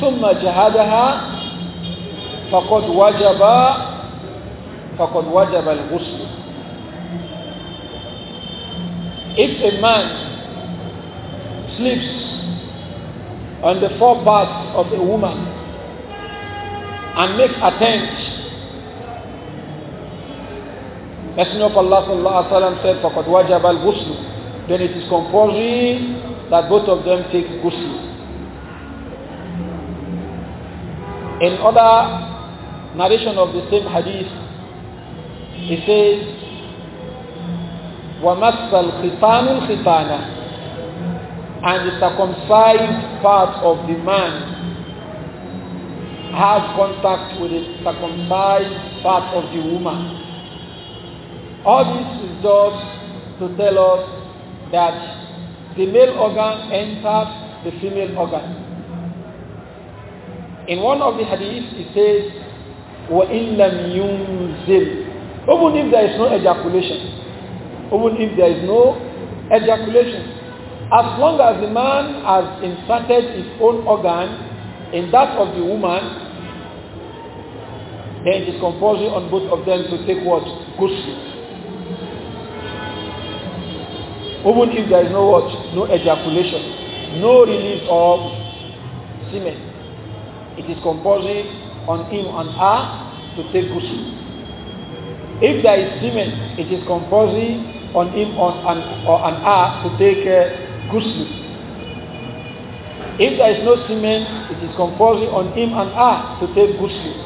ثم جهدها فقد وجب فقد وجب الغسل If a man sleeps on the four parts of a woman and makes attempt Messenger of Allah sallallahu alaihi wasallam said, "Fakat wajab al Then it is compulsory that both of them take ghusl. In other narration of the same hadith, He says, وَمَسَّ الْخِتَانُ الْخِتَانَ and the circumcised part of the man has contact with the circumcised part of the woman. All this is just to tell us that the male organ enters the female organ. In one of the hadith he says, وَإِن لَمْ يُنزِلْ Even if there is no ejaculation, even if there is no ejaculation, as long as the man has inserted his own organ in that of the woman, then it is compulsory on both of them to take what? Ghusl. Even if there is no what? No ejaculation, no release of semen. It is compulsory on him and her to take ghusl. If there is semen, it is compulsory on him on, her to take uh, ghusl. If there is no semen, it is compulsory on him and her to take ghusl.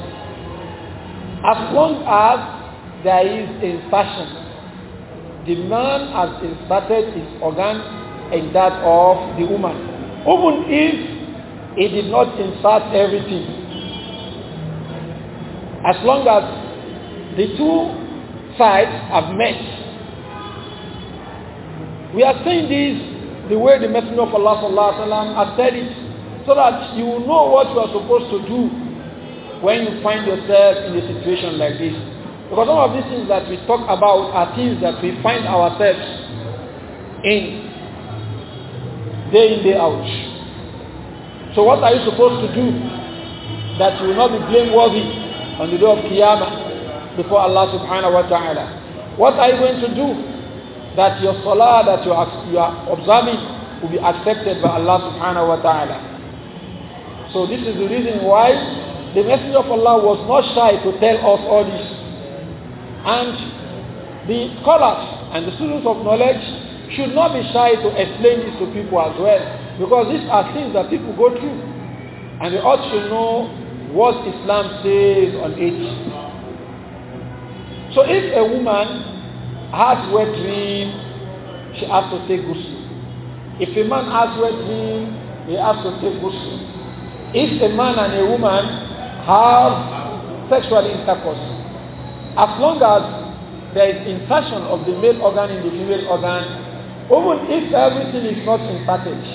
As long as there is insertion, the man has inserted his organ in that of the woman. Even if he did not insert everything, as long as the two sides have met. We are saying this the way the Messenger of Allah sallallahu has said it, so that you will know what you are supposed to do when you find yourself in a situation like this. Because some of these things that we talk about are things that we find ourselves in day in, day out. So what are you supposed to do that you will not be blameworthy on the day of Qiyamah? before Allah subhanahu wa ta'ala. What are you going to do that your salah that you are, you are observing will be accepted by Allah subhanahu wa ta'ala? So this is the reason why the Messenger of Allah was not shy to tell us all this. And the scholars and the students of knowledge should not be shy to explain this to people as well. Because these are things that people go through. And they ought to know what Islam says on each. So if a woman has wet dream, she has to take ghusl. If a man has wet dream, he has to take ghusl. If a man and a woman have sexual intercourse, as long as there is insertion of the male organ in the female organ, even if everything is not in package,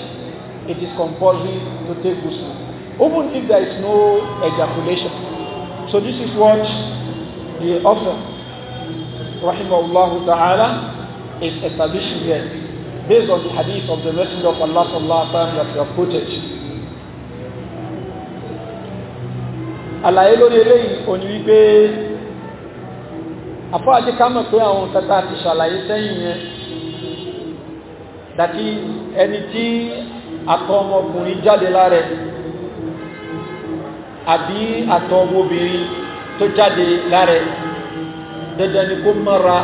it is compulsory to take ghusl, even if there is no ejaculation. So this is what the author rahimahullah ta'ala is establishing here based on the hadith of the Messenger of Allah sallallahu alaihi wasallam that we have quoted. Àlàyé lórí eléyìí ò ní wípé àfọ́àjẹ́ ká mọ̀ pé àwọn kẹta ti ṣàlàyé sẹ́yìn yẹn dàtí ẹni tí àtọ̀ ọmọkùnrin jáde lára àbí àtọ̀ ọmọbìnrin tó jáde lára dandan ni kó mọ́ra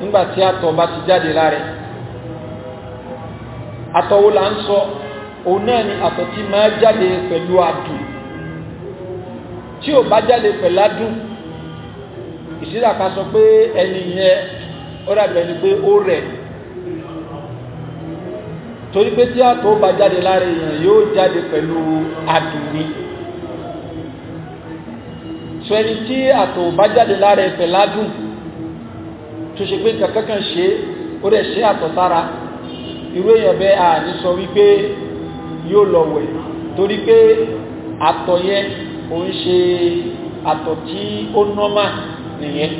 nígbà tí àtọ̀ bá ti jáde láre àtọ̀wò là ń sọ òun náà ni àtọ̀ tí máa jáde pẹ̀lú adùn tí ò bá jáde pẹ̀lú adùn ìṣíra ká sọ pé ẹni yẹn ó dàbẹ̀ ni pé ó rẹ̀ torí pé tí àtọ̀ bá jáde láre yẹn yóò jáde pẹ̀lú adùn ni sọ ẹni tí àtọ̀ bá jáde láre pẹ̀lú adùn tó ṣe pé nǹkan kankan ṣe ó dẹ̀ ṣe àtọ̀sára irú èèyàn a à ní sọ wípé yóò lọ wẹ̀ torí pé àtọ̀ yẹn òun ṣe àtọ̀ tí ó nọ́mà nìyẹn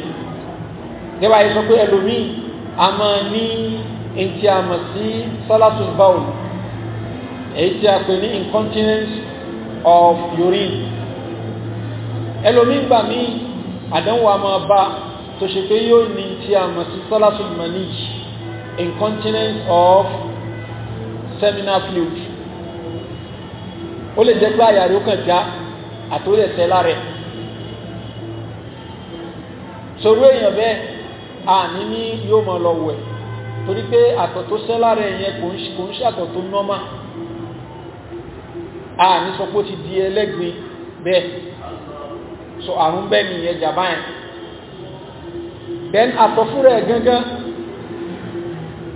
gẹ́gbà yìí sọ pé ẹlòmíì a máa ní etí a mọ̀ sí salatus baul èyí a pè ní incontinence of urine ẹlòmíì gbà mi àdánwò a máa bá tó ṣe pé yóò ní tí a mọ̀ sí salatul mani incontinence of seminal fluid ó lè jẹ́ pé àyà rẹ̀ ó kàn já àtòrí ẹ̀sẹ̀ lára ẹ̀ sòrò èèyàn bẹ́ẹ̀ àní ní yóò mọ̀ lọ wẹ̀ torí pé àtọ̀ tó sẹ́ lára ẹ̀ yẹn kò ń ṣàtọ̀ tó nọ́mà àní sọ pé ó ti di ẹlẹ́gbin bẹ́ẹ̀ so àrùn bẹ́ẹ̀ nìyẹn jàbá yẹn then àtọ̀fúnra ẹ̀ gangan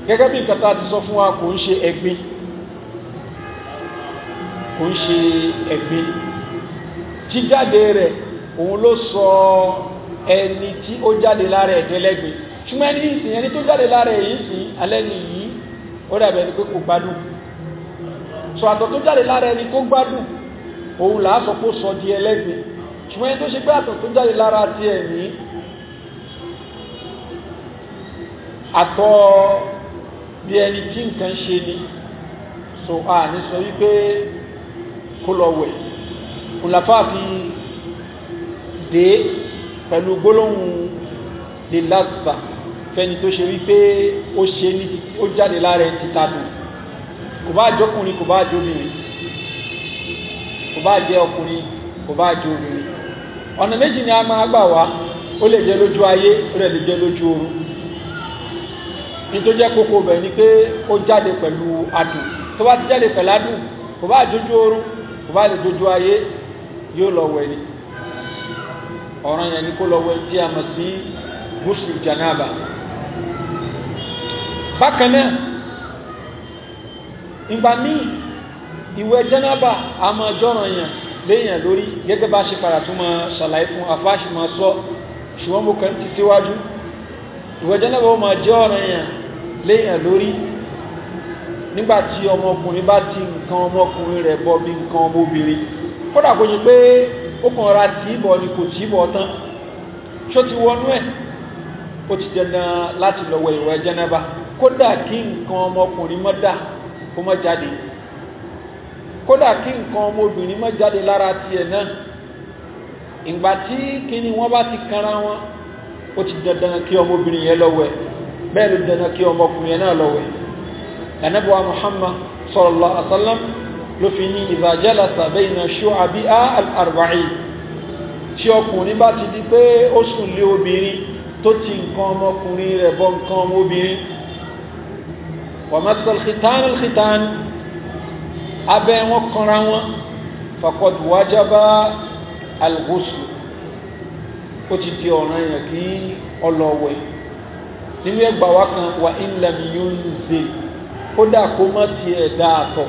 gẹ́gẹ́ bí nǹkan tá a ti sọ fún wa kò ń ṣe ẹ̀gbin kò ń ṣe ẹ̀gbin jíjáde rẹ̀ òun ló sọ ẹni tí ó jáde lára ẹ̀ délẹ́gbin ṣùgbọ́n ẹni ìsìn ẹni tó jáde lára ẹ̀ yìí sìn alẹ́ nìyí ó dàbẹ̀ ẹni pé kò gbádùn sọ àtọ̀ tó jáde lára ẹni tó gbádùn òun làá sọ sọ di ẹlẹ́gbin ṣùgbọ́n ẹni tó ṣe pé àtọ̀ tó jáde lára ti ẹ̀ àtọ́ bí ẹni tí nǹkan ṣe ni so a ní sọ wípé kó lọ wẹ̀ òlàfà fi dé pẹ̀lú gbólóhùn lè lásìbà fẹ́ni tó ṣe wípé ó ṣe ní ó jáde lára ẹni títa dùn kò bá jọkùnrin kò bá jóbìnrin kò bá jẹ ọkùnrin kò bá jẹ ọ̀nà méjì ni a máa gbà wá ó lè jẹ lójú ayé ó lè jẹ lójú oorun nítorí jẹ́ kókó bẹ̀ ni pé ó jáde pẹ̀lú adùn tó bá ti jáde pẹ̀lú adùn kò bá jójú oorun kò bá lè jójú ayé yóò lọ wẹ̀ ni ọ̀ràn yẹn ni kó lọ wẹ̀ tí a mọ̀ sí gúúsù janaba bákan náà ìgbà míì ìwẹ̀ janaba a máa jọ̀ràn yẹn léèyàn lórí gẹ́gẹ́ bá ṣe padà tún máa ṣàlàyé fún afáṣì máa sọ ṣùgbọ́n mo kàn ti síwájú ìwẹ̀ janaba ó máa jẹ́ ọ̀ràn yẹn léèyàn lórí nígbàtí ọmọkùnrin bá ti nǹkan ọmọkùnrin rẹ̀ bọ bí nǹkan ọmọbìnrin kódà kó ṣe pé ó kàn ra tìbọ̀ ni kò tìbọ̀ tán ṣó ti wọnú ẹ̀ ó ti dandan láti lọ wẹ ìwẹ̀ jẹ́nẹ́bà kódà kí nǹkan ọmọkùnrin mọ́ dà kó mọ́ jáde kódà kí nǹkan ọmọbìnrin mọ́ jáde lára tiẹ̀ náà ìgbà tí kíni wọ́n bá ti kanra wọn ó ti dandan kí ọmọbìnrin yẹn lọ wẹ̀ bẹ́ẹ̀ ló dẹ̀nà kí ọmọkùnrin náà lọ́wọ́ ẹ̀nẹ́bùwa muhammad sallallahu alaihi wasallam ló fi ní ìbàjẹ́lá tàbí iná ṣúàbí al-arba'in tí ọkùnrin bá ti di pé ó sùn lé obìnrin tó ti nǹkan ọmọkùnrin rẹ̀ bọ́ nǹkan obìnrin wàmásàl khitan al-khitan wọn kanra wọn faqad wájábá al ó ti di ọ̀ràn yẹn kí ọlọ́wẹ̀ẹ́ nínú ẹgbà wa kan wà ilẹ̀ yóò ṣe kódà kó má tiẹ̀ dáàtọ̀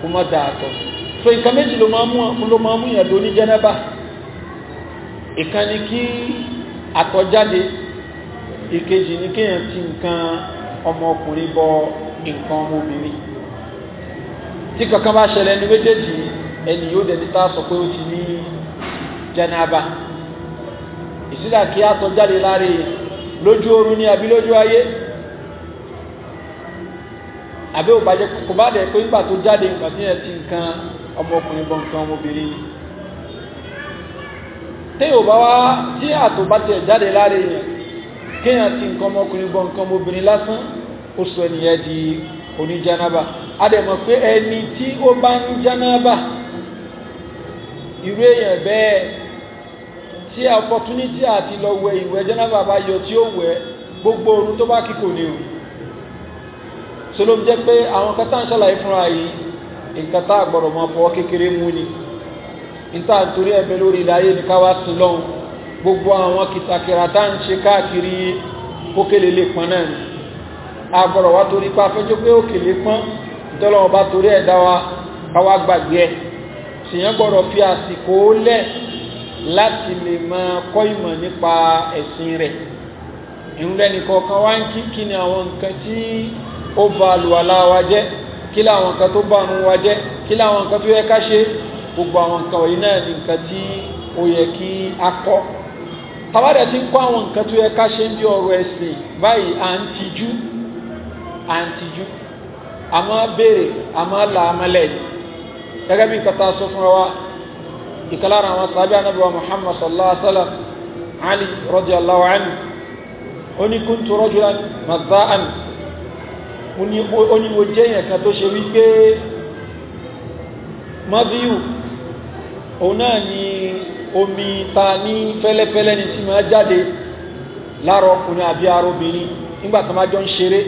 kó má dáàtọ̀ so nǹkan méjì ló máa mú ló máa mú ìyàdó ní jẹ́nẹ́bà ìkan ni kí àtọ̀jáde ìkejì ni kéèyàn ti nǹkan ọmọkùnrin bọ nǹkan ọmọbìnrin tí kankan bá ṣẹlẹ̀ ní méjèèjì ẹni yóò dẹni tá a sọ pé ó ti ní jẹ́nẹ́bà ìsídà kí àtọ̀jáde láre lójú oorun ni àbí lójú ayé àbí ò bá jẹ kò bá dẹ̀ pé nígbà tó jáde nǹkan tí yẹn ti nǹkan ọmọkùnrin bọ nǹkan ọmọbìnrin téèyàn bá wá tí àtò bá tiẹ̀ jáde láre yẹn kéèyàn ti nǹkan ọmọkùnrin bọ ọmọbìnrin lásán ó sọ ẹnìyẹn di oníjánábà a pé ẹni tí ó bá ń jánábà irú èèyàn bẹ́ẹ̀ tí opportunity àti lọ wẹ ìwẹ̀ jẹ́nàbà bá yọ tí ó wẹ̀ gbogbo orun tó bá kí kò lè wù sọlọ́m jẹ́ pé àwọn kan tá ń ṣàlàyé fúnra yìí nǹkan tá àgbọ̀rọ̀ mọ́ fọwọ́ kékeré mú ni níta nítorí ẹ̀bẹ̀ lórí ìdáyé ní ká wá sí gbogbo àwọn kìtàkìrà tá ń ṣe káàkiri kókèlè lè pọn náà ni àgbọ̀rọ̀ wá torí pa afẹ́jọ́ pé òkèlè pọn ìtọ́lọ́wọ́n bá torí ẹ̀dá wa káwá gbàgbé ẹ̀ ṣèyàn gbọ́dọ̀ fi àsìkò lẹ̀ láti lè máa kọ́ ìmọ̀ nípa ẹ̀sìn rẹ̀ ìrúnlẹ́ni kọ̀ọ̀kan wá ń kí kí ni àwọn nǹkan tí ó ba àlùwàlá wa jẹ́ kí láwọn nǹkan tó bá àrùn wa jẹ́ kí láwọn nǹkan tó yẹ ká ṣe gbogbo àwọn nǹkan wọ̀nyí náà ni nǹkan tí ó yẹ kí a kọ́ tàbádà ti ń kọ́ àwọn nǹkan tó yẹ ká ṣe ń bí ọ̀rọ̀ ẹ̀sìn báyìí à ń tijú à ń tijú a béèrè a là á mọ́lẹ̀ gẹ́gẹ́ bí nǹkan tá a sọ fúnra wa ìkàlára àwọn sábẹ́ anábíwá muhammad sallallahu alaihi wa sallam ali radiyallahu anhu ó ní kuntu rajulan mazaan ó ní wo jẹ́ yẹn kan tó ṣe wípé madiyu òun náà ni omi ta ní fẹ́lẹ́fẹ́lẹ́ ni tí máa jáde lára ọkùnrin àbí ara obìnrin nígbà jọ ń ṣeré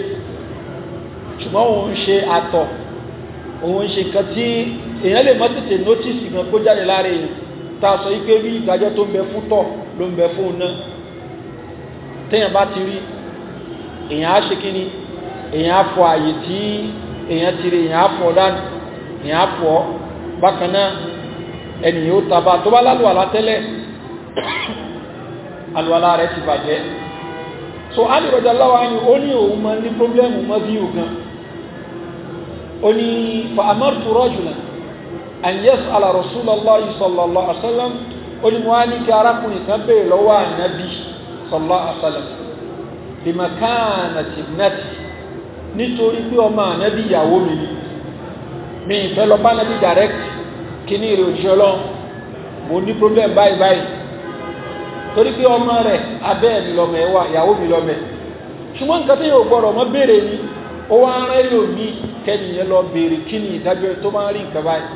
ṣùgbọ́n òun ṣe àtọ̀ òun ṣe nǹkan èèyàn lè mọ́ tètè nọ́tìsì gan kó jáde lára èèyàn tá a sọ yí pé bí ìdájọ́ tó ń bẹ fún tọ̀ ló ń bẹ fún náà téèyàn bá ti rí èèyàn á ṣe kí ni èèyàn á fọ àyè tí èèyàn ti rí èèyàn á fọ dánù èèyàn á fọ bákan náà ẹnìyàn ó taba tó bá lálùwàlá tẹ́lẹ̀ àlùwàlá rẹ̀ ti bàjẹ́ so Ali radiyallahu anhu ó ní òun máa ní pọ́blẹ́mù mọ́ bí ògan ó ní fa amartu rajulan and yes ala rasulallah sallallahu alaihi wa sallam ó ní mo wá ní kí arákùnrin kan béèrè lọ́wọ́ ànábì sallallahu alaihi wa sallam limakanati nati nítorí pé ọmọ ànábì ìyàwó mi ni mi ìfẹ́ lọ bá ànábì direct kí ní èrè òṣìṣẹ́ ọlọ́run mo ní problem báyìí báyìí torí pé ọmọ rẹ̀ abẹ́ ẹ̀ lọ́mọ ẹ̀ wà ìyàwó mi lọ́mọ ẹ̀ ṣùgbọ́n nǹkan tí yóò gbọ́dọ̀ mọ́ béèrè ni ó wá rẹ́ lòmí kẹ́niyẹn lọ béèrè kí ìdájọ́ tó máa rí nǹkan báyìí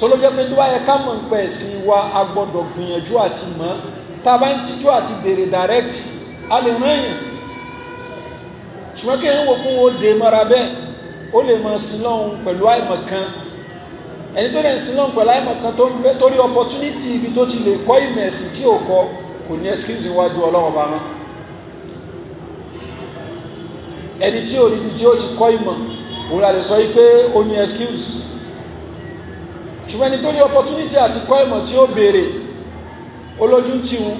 sọlọ́jọ́ pé tó bá yẹ ká mọ̀ nípa ẹ̀sìn wa a gbọ́dọ̀ gbìyànjú àti mọ̀ tá a bá ń tijú àti béèrè direct a lè rán èèyàn ṣùgbọ́n kí èèyàn wò fún wo dè mọ́ra bẹ́ẹ̀ ó lè mọ̀ sí lọ́hùn pẹ̀lú àìmọ̀kan ẹni tó lè sí lọ́hùn pẹ̀lú àìmọ̀kan tó ń bẹ torí opportunity ibi tó ti lè kọ́ ìmọ̀ ẹ̀sìn tí ò kọ́ kò ní excuse iwájú ọlọ́run bá wọn ẹni tí ò ní ibi tí ó ti kọ́ ìmọ̀ òun la lè sọ yìí pé ó ní excuse ṣùgbọ́n ẹni tó ní opportunity àti kọ́ ìmọ̀ tí ó béèrè olójú ti wọn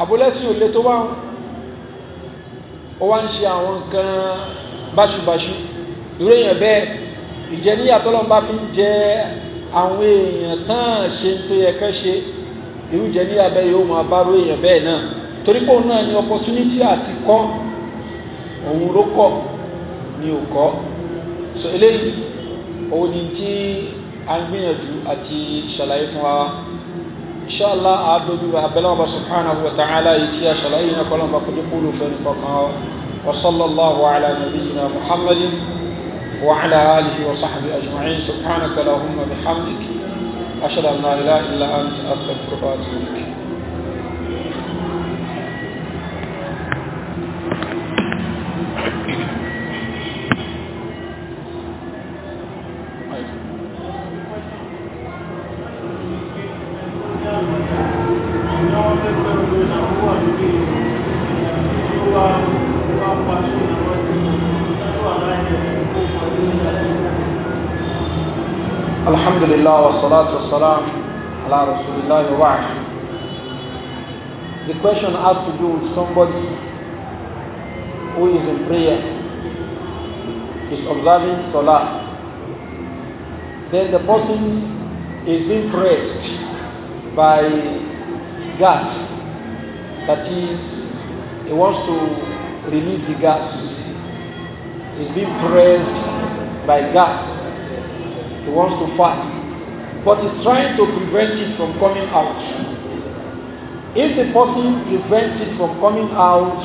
àbúlẹ́sìn ò lè tó bá wọn ó wá ń ṣe àwọn nǹkan báṣubàṣu ìró èèyàn bẹ́ẹ̀ ìjẹníyà tọ́lọ́ bá fi ń jẹ àwọn èèyàn tán ṣe tó yẹ kán irú ìjẹníyà bẹ́ẹ̀ yóò máa bá ró èèyàn bẹ́ẹ̀ náà torí pé òun náà ní opportunity àti kọ́ òun ló kọ́ ni ò kọ́ so eléyìí òun ni tí a ń gbìyànjú àti ṣàlàyé fún wa inṣàlá àádọ́jú abẹ́lẹ́wọ̀n bá subhanahu wa ta'ala yìí tí a ṣàlàyé yìí kọ́lọ́ bá kojú kúlù fẹ́ nìkan kan wa sallallahu ala nabiyyina muhammadin wa ala wa sahbihi ajma'in subhanaka lahumma bihamdik ashhadu an la ilaha illa anta الحمد لله والصلاة والسلام على رسول الله وبعد. The question has to do with somebody who is in prayer, is observing Salah. Then the person is being pressed by gas, that is, he wants to release the gas. He's being pressed by gas He wants to fast. But he's trying to prevent it from coming out. If the person prevents it from coming out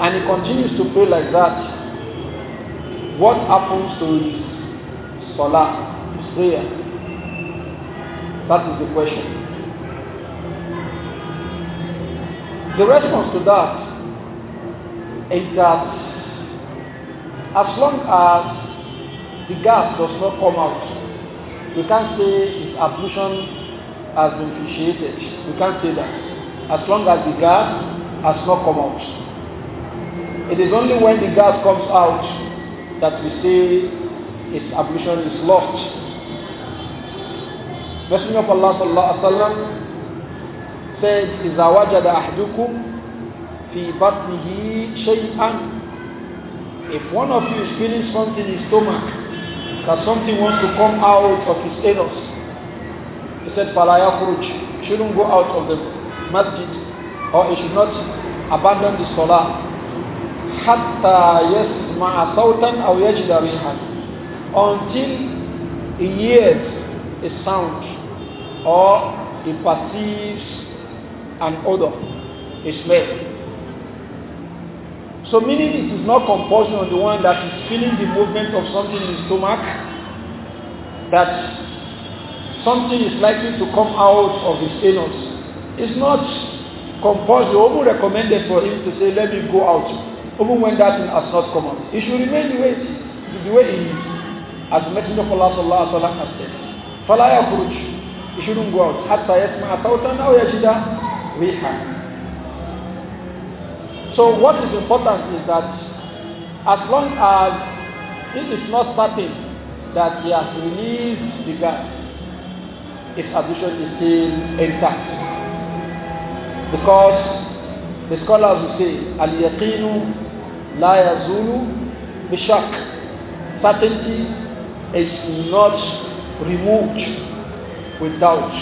and he continues to pray like that, what happens to his salah, his prayer? That is the question. The response to that is that as long as the gas does not come out. We can't say its ablution has been initiated. We can't say that. As long as the gas has not come out. It is only when the gas comes out that we say its ablution is lost. Messenger of Allah sallallahu alaihi wasallam said, "Iza wajada ahdukum fi batnihi shay'an." If one of you is feeling something in his stomach, that something wants to come out of his anus. He said, Falaya Furuj shouldn't go out of the masjid or he should not abandon the salah. Hatta yasma'a sawtan aw yajda rihan. Until he hears a sound or he perceives an odor, a smell. So meaning this is not compulsion on the one that is feeling the movement of something in his stomach, that something is likely to come out of his anus. It's not compulsion. Obu recommended for him to say, let me go out, even when that thing has not come out. He should remain the way the way he is, as the Messenger of Allah sallallahu alaihi wasallam has said. فَلَا يَخْرُجْ He shouldn't go out. حَتَّى يَسْمَعَ صَوْتًا أَوْ يَجِدَ رِيحًا So what is important is that as long as it is not certain that he has released the gas, its ablution is still intact. Because the scholars will say, Al-Yaqinu la yazulu bishak. Certainty is not removed with doubt.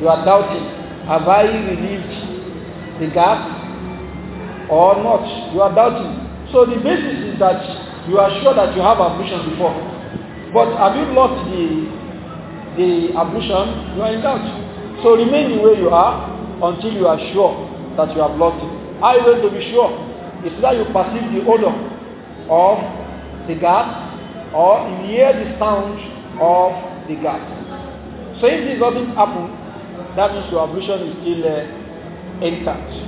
You are doubting, have I released the gas? or not. You are doubting. So the basis is that you are sure that you have ablution before. But have you lost the, the ablution? You are in doubt. So remain the way you are until you are sure that you have lost it. How you going to be sure? It's that you perceive the odor of the gas or you hear the sound of the gas. So if this doesn't happen, that means your ablution is still uh, intact.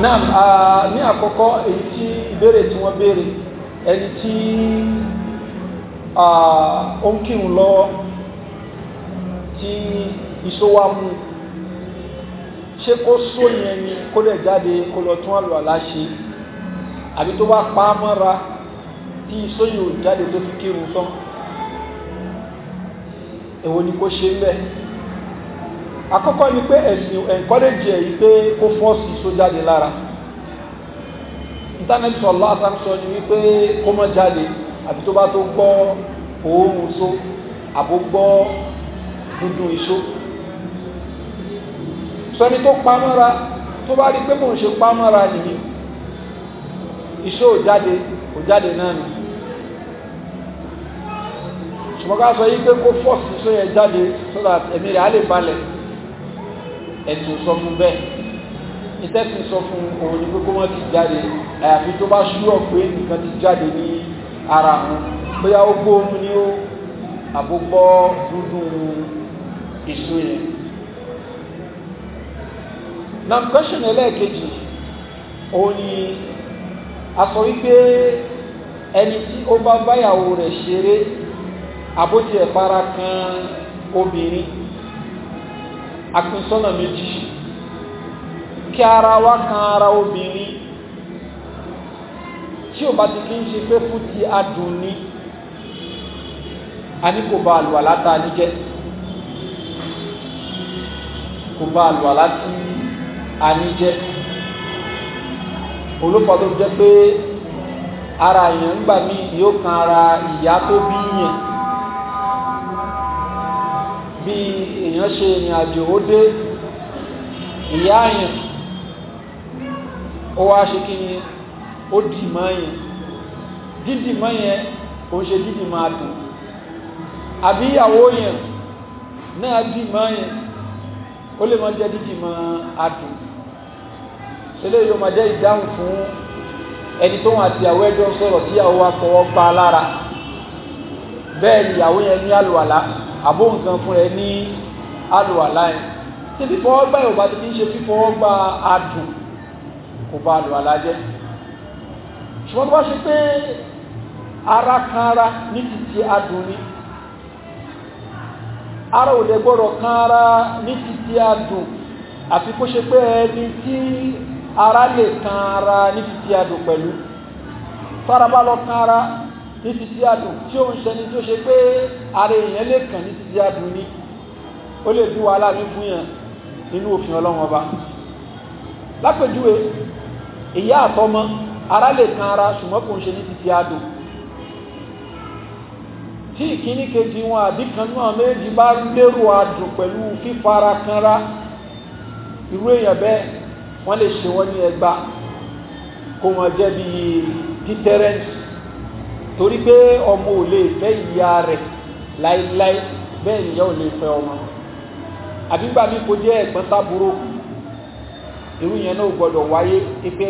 náà ní àkọ́kọ́ èyí tí ìbéèrè tí wọ́n béèrè ẹni tí ó ń kírun lọ́wọ́ tí iṣó ṣé kó só yẹn ni kó lè jáde kó lọ tún àlọ́ àláṣe àbí tó bá pa á mọ́ra tí iṣó yìí ò jáde tó fi kírun tán èwo ni kó ṣe bẹ́ẹ̀ àkọ́kọ́ ni pé ẹ̀sìn encourage ẹ̀ yìí pé kó fọ́ọ̀sì só jáde lára internet sọ lásán sọ ni wípé kó má jáde àbí tó bá tó gbọ́ òórùn So àbó gbọ́ dúdú iṣó sọni tó pamọ́ra tó bá rí pé mò ń ṣe pamọ́ra nìyí iṣó ò jáde ò jáde náà nì ṣùgbọ́n ká sọ yí pé kó fọ́ọ̀sì só yẹn jáde so that ẹ̀mí rẹ̀ á lè balẹ̀ ẹ̀sìn sọ fún bẹ́ẹ̀ ìtẹ́sìn sọ fún òun ni pé kó wọ́n ti jáde àyàfi tó bá ṣúrọ̀ pé nǹkan ti jáde ní ara wọn bóyá ó gbóòórùn ni ó àbúgbọ́ dúdún èso yẹn na question ẹlẹ́ẹ̀kejì òun ni a sọ wípé ẹni tí ó bá báyàwó rẹ̀ ṣeré àbótiẹ̀ para kan obìnrin a na sọ́nà méjì kí ara wa tí o bá ti kí n ṣe pé fún ti adùn ni a ní kò bá kò bá olùkọ́ ara èèyàn ń gbà mí yóò kan ara ìyá tó bí bí èèyàn ṣe ìrìn àjò ó dé ìyá àyàn ó wá ṣe kí ni ó dì mọ́ yẹn dídì mọ́ yẹn ó ṣe dídì máa dùn àbí ìyàwó yẹn náà dì mọ́ yẹn ó lè máa jẹ́ dídì máa adùn eléyìí ló máa jẹ́ ìdáhùn fún ẹni tó wọn àti ìyàwó ẹjọ́ sọ̀rọ̀ tí ìyàwó wa fọwọ́ pa lára bẹ́ẹ̀ ni ìyàwó yẹn ní àlùwàlá àbó nǹkan fún ẹ ní àlùwàlá ẹ tí fífọwọ́gbá ẹ̀ ò bá ti fi ń ṣe fífọwọ́gbá adùn kò bá àlùwàlá jẹ́ ṣùgbọ́n tó bá ṣe pé ara kan ara ní títí adùn ni ara ò gbọ́dọ̀ kan ara ní títí adùn àfi kó ṣe pé ẹni tí ara lè kan ara ní títí adùn pẹ̀lú tára kan ara ní títí adùn tí ó ń ṣẹni tó ṣe pé ara èèyàn lè kàn ní títí adùn ní ó lè bí wàhálà ní fún yàn nínú òfin ọlọ́run ọba lápèjúwe ìyá àtọmọ ara lè kan ara ṣùgbọ́n kò ń ṣe ní títí adùn tí ìkíní kejì wọn àbí kan náà méjì bá lérò adùn pẹ̀lú fífara kanra irú èèyàn bẹ́ẹ̀ wọ́n lè ṣe wọ́n ní ẹgbà kó wọn jẹ́ bíi deterrence torí pé ọmọ ò lè fẹ́ ìyá rẹ̀ láíláí bẹ́ẹ̀ ni ìyá ò lè fẹ́ ọmọ àbígbà mi kò jẹ́ ẹ̀gbọ́n sábúrò irú yẹn náà gbọ́dọ̀ wáyé pé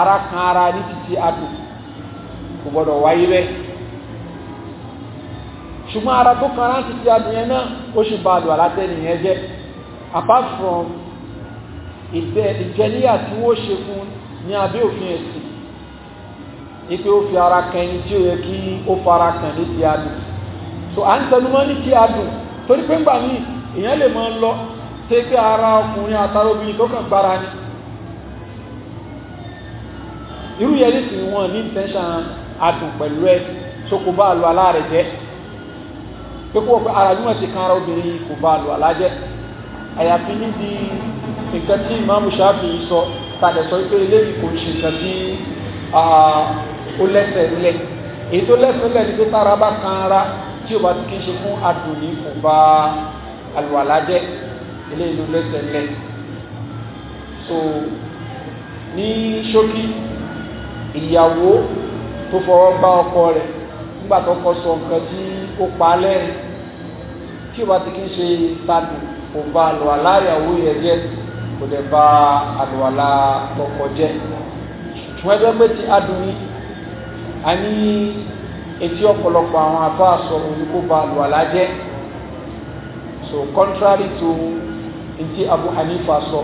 ara kan ara ní títí adùn kò gbọ́dọ̀ wáyé bẹ́ẹ̀ ṣùgbọ́n ara tó kan láti ti adìyẹn náà ó ṣe bá àdùn alátẹ́nìyàn jẹ́ apart from ìjẹníyà tí wọ́n ṣe fún ní abẹ́ òfin ẹ̀sìn ipe ó fi ara kan ẹni tí ó yẹ kí ó fara kan ní ti adùn so à ń tẹnumọ́ ní ti adùn torí pé ńgbà míì èèyàn lè máa lọ tẹ́gbẹ́ ara ọkùnrin àtàrà obìnrin tó kàn gbára ni irú yẹn ní sìn wọn ní intention adùn pẹ̀lú ẹ so kò bá lu alá rẹ̀ jẹ́ pé kó o pé ara bí wọ́n ti kan ara obìnrin kò bá lu alá àyàfi níbi nǹkan tí ìmáàmù Ṣáfi'í sọ tàdẹ̀sọ pé eléyìí kò ń ṣe nǹkan tí ó lẹ́sẹ̀ ńlẹ̀ èyí tó lẹ́sẹ̀ ńlẹ̀ ni pé tára bá kan ara tí o bá ti kí fún adùn kò bá àlùwàlá jẹ́ eléyìí ló lẹ́sẹ̀ ńlẹ̀ so ní ṣókí ìyàwó tó fọwọ́ bá ọkọ rẹ̀ nígbà tó kọ sọ nǹkan tí ó pa á lẹ́rìn tí o bá ti kí n kò bá àlùwàlá ìyàwó yẹn jẹ́ kò dẹ̀ bá àlùwàlá tọkọ jẹ́ ṣùgbọ́n ẹgbẹ́ pé ti adùn a ní etí ọ̀pọ̀lọpọ̀ àwọn afá sọ oníkóba àlùwàlá jẹ́ so contrary to ntí Abu Hanifa sọ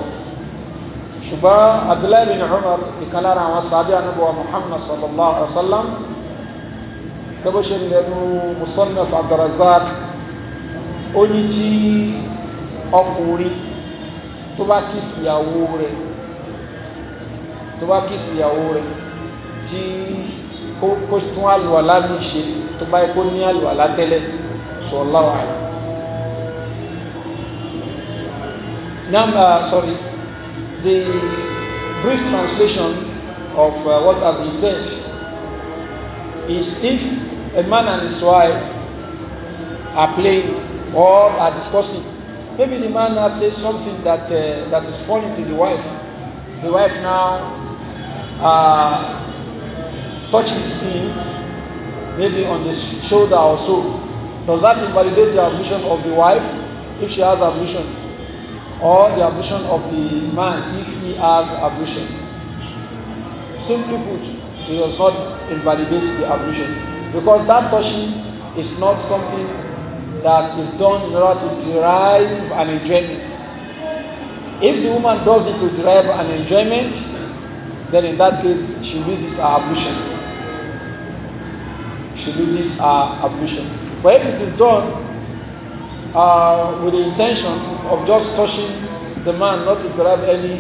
ṣùgbọ́n Abdullahi bin Umar ìkan lára àwọn sábẹ́ anábọ̀ Muhammad sallallahu alaihi wa sallam gẹ́gẹ́ ṣe lẹ́nu musannaf Abdurrazzaq ó ní tí ọkùnrin tó bá kí ìyàwó rẹ̀ tó bá kí ìyàwó rẹ̀ tí kó tún àlùwàlá mi ṣe tó bá kó ní àlùwàlá tẹ́lẹ̀ sọ láwà rẹ̀. Number, sorry, the brief translation of uh, what has been said is if a man and his wife are playing or are discussing, maybe the man now says something that, uh, that is funny to the wife. The wife now uh, touching him, maybe on the shoulder or so, does that invalidate the ablution of the wife if she has ablution? Or the ablution of the man if he has ablution? Simply put, it does not invalidate the ablution because that touching is not something that is done in order to derive an enjoyment. If the woman does it to derive an enjoyment, then in that case she loses her ablution should do this uh, ablution. But if it is done uh, with the intention of just touching the man, not to grab any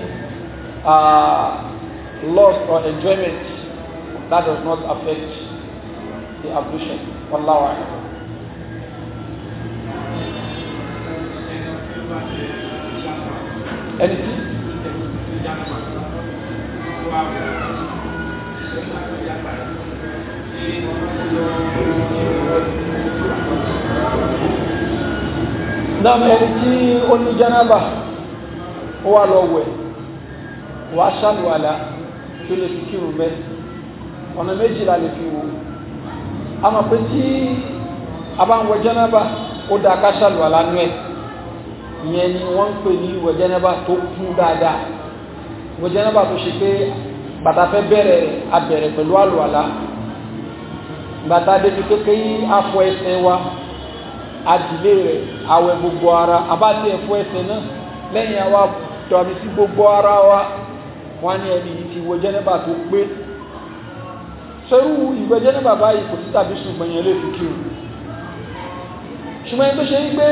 uh, loss or enjoyment, that does not affect the ablution. Wallahu a'lam. Anything? náà ẹni tí ó ní jánábà ó wà lọ wẹ̀ wà ṣàlùwàlá tó lè fi kírun bẹ́ẹ̀ ọ̀nà méjìlá lè fi wò a pé tí a bá ń wẹ̀ jánábà ó dá ká ṣàlùwàlá nú ẹ̀ ìyẹn ni wọ́n ń pè ní ìwẹ̀ jánábà tó kún dáadáa ìwẹ̀ jánábà tó ṣe pé bàtà fẹ́ bẹ̀rẹ̀ abẹ̀rẹ̀ pẹ̀lú àlùwàlá bàtà débi pé kéyí afọ ẹsẹ̀ wa àdìlé rẹ̀ àwẹ̀ gbogbo ara abájẹ́ ẹ̀fọ́ ẹsẹ̀ náà lẹ́yìn àwa tọ́mi sí gbogbo ara wa wọ́n ní ẹni yìí ti wọ jẹ́nẹ́bà tó pé sẹ́rù ìwẹ̀ jẹ́nẹ́bà báyìí kò sí tàbí ṣùgbọ́n yẹn lè fi kí o ṣùgbọ́n ẹni tó ṣe wípé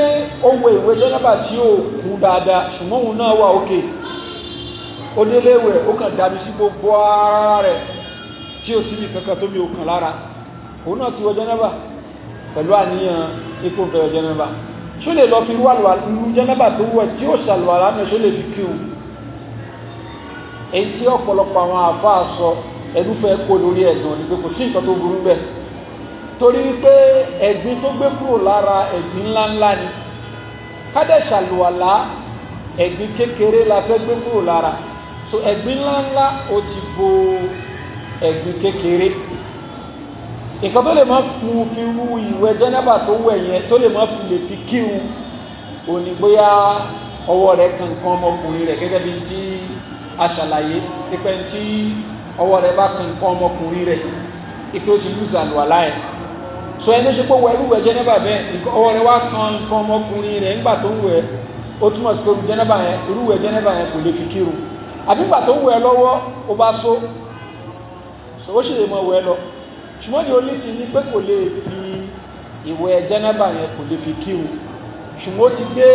ó wọ ìwé jẹ́nẹ́bà tí ó kú dáadáa ṣùgbọ́n òun náà wà òkè ó ó kàn dàbí sí gbogbo ara rẹ̀ tí ó sì ní kankan tó mi ò kàn lára òun náà ti wọ jẹ́nẹ́bà pẹ̀lú àníyàn ikú bẹ̀rẹ̀ jẹ́nẹ́bà ṣó lè lọ fi wàlúwà irú jẹ́nẹ́bà tó wẹ̀ tí ó ṣàlùwà lánàá ṣó lè fi kí o èyí tí ọ̀pọ̀lọpọ̀ àwọn àfáà sọ ẹdúfẹ́ kó lórí ẹ̀gbọ́n ni pé kò sí nǹkan tó burú bẹ́ẹ̀ torí pé ẹ̀gbin tó gbé kúrò lára ẹ̀gbin ńláńlá ni kádẹ̀ ṣàlùwàlá ẹ̀gbin kékeré la fẹ́ gbé kúrò lára so ẹ̀gbin ńláńlá ó ti bo ẹ̀gbin kékeré nǹkan tó lè má fún fi wú ìwẹ̀ jẹ́nẹ́bà tó wẹ̀ yẹn tó lè má fi lè fi kírun òní bóyá ọwọ́ rẹ̀ kan nǹkan ọmọkùnrin rẹ̀ gẹ́gẹ́ bí tí a ṣàlàyé pípẹ́ tí ọwọ́ rẹ̀ bá kan nǹkan ọmọkùnrin rẹ̀ ìpé ó ti lùzà lù aláì sọ ẹni ṣe pé wẹ̀rú wẹ̀ jẹ́nẹ́bà bẹ́ẹ̀ ọwọ́ rẹ̀ wá kan nǹkan ọmọkùnrin rẹ̀ ńgbà tó ń wẹ̀ ó túmọ̀ sí pé jẹ́nẹ́bà yẹn irú wẹ̀ jẹ́nẹ́bà yẹn kò lè fi kírun àbígbà tó ń wẹ̀ lọ́wọ́ ó bá so So, ó ṣèlè mọ̀ wẹ̀ lọ ṣùgbọ́n ní oníṣì ní pé kò lè fi ìwẹ̀ jẹ́nẹ́bà yẹn kò lè fi kírun ṣùgbọ́n ó ti gbé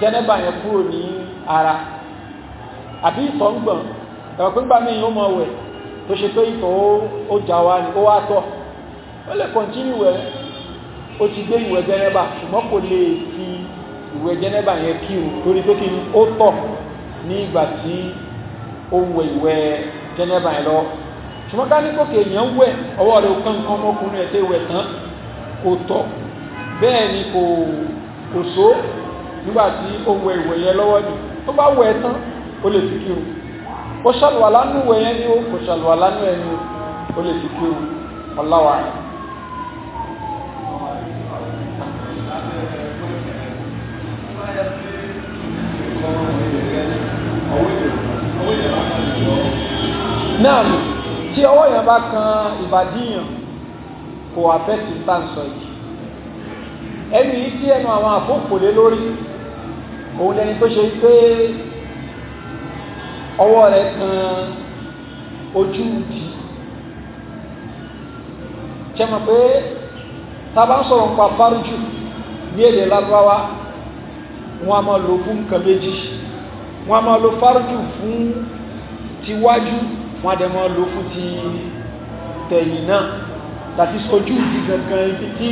jẹ́nẹ́bà yẹn kúrò ní ara àbí ìtọ̀ ń gbọ̀n ẹ̀rọ pé gbà mí ó mọ̀ wẹ̀ tó ṣe pé ìtọ̀ ó jà wá ní ó wá tọ̀ ó lè kọ̀ntínú wẹ̀ ó ti gbé ìwẹ̀ jẹ́nẹ́bà ṣùgbọ́n kò lè fi ìwẹ̀ jẹ́nẹ́bà yẹn kírun torí pé kí ni ó tọ̀ ní ìgbà tí ó wẹ̀ ìwẹ̀ jẹ́nẹ́bà yẹn lọ́wọ́ ṣùgbọ́n ká ní kòkè èèyàn wẹ̀ ọwọ́ rẹ̀ òkan nǹkan ọmọkùnrin ẹ̀ tẹ́ wẹ̀ tán kò tọ̀ bẹ́ẹ̀ ni kò kò só nígbà tí ó wẹ ìwẹ̀ yẹn lọ́wọ́ ni tó bá wẹ̀ tán ó lè fi kírun ó ṣàlùwà lánú ìwẹ̀ yẹn ni ó kò ṣàlùwà lánú ẹ̀ ó lè fi kírun ọláwà rẹ̀ tí ọwọ́ yẹn bá kan ìbàdíyàn kò àfẹ́tì tá ń sọ yìí ẹni yìí tí ẹnu àwọn àfófòlé lórí òun lẹni tó ṣe pé ọwọ́ rẹ̀ kan ojú ìdí ṣe mọ̀ pé tábà ń sọ̀rọ̀ nípa fárújù ní èdè lárúbáwá wọn a máa lò fún nǹkan méjì wọn a máa lò fárújù fún tiwájú wọ́n dẹ̀ mọ́ lò fún ti tẹ̀yìn náà tàbí sojú ìdí gangan ibi tí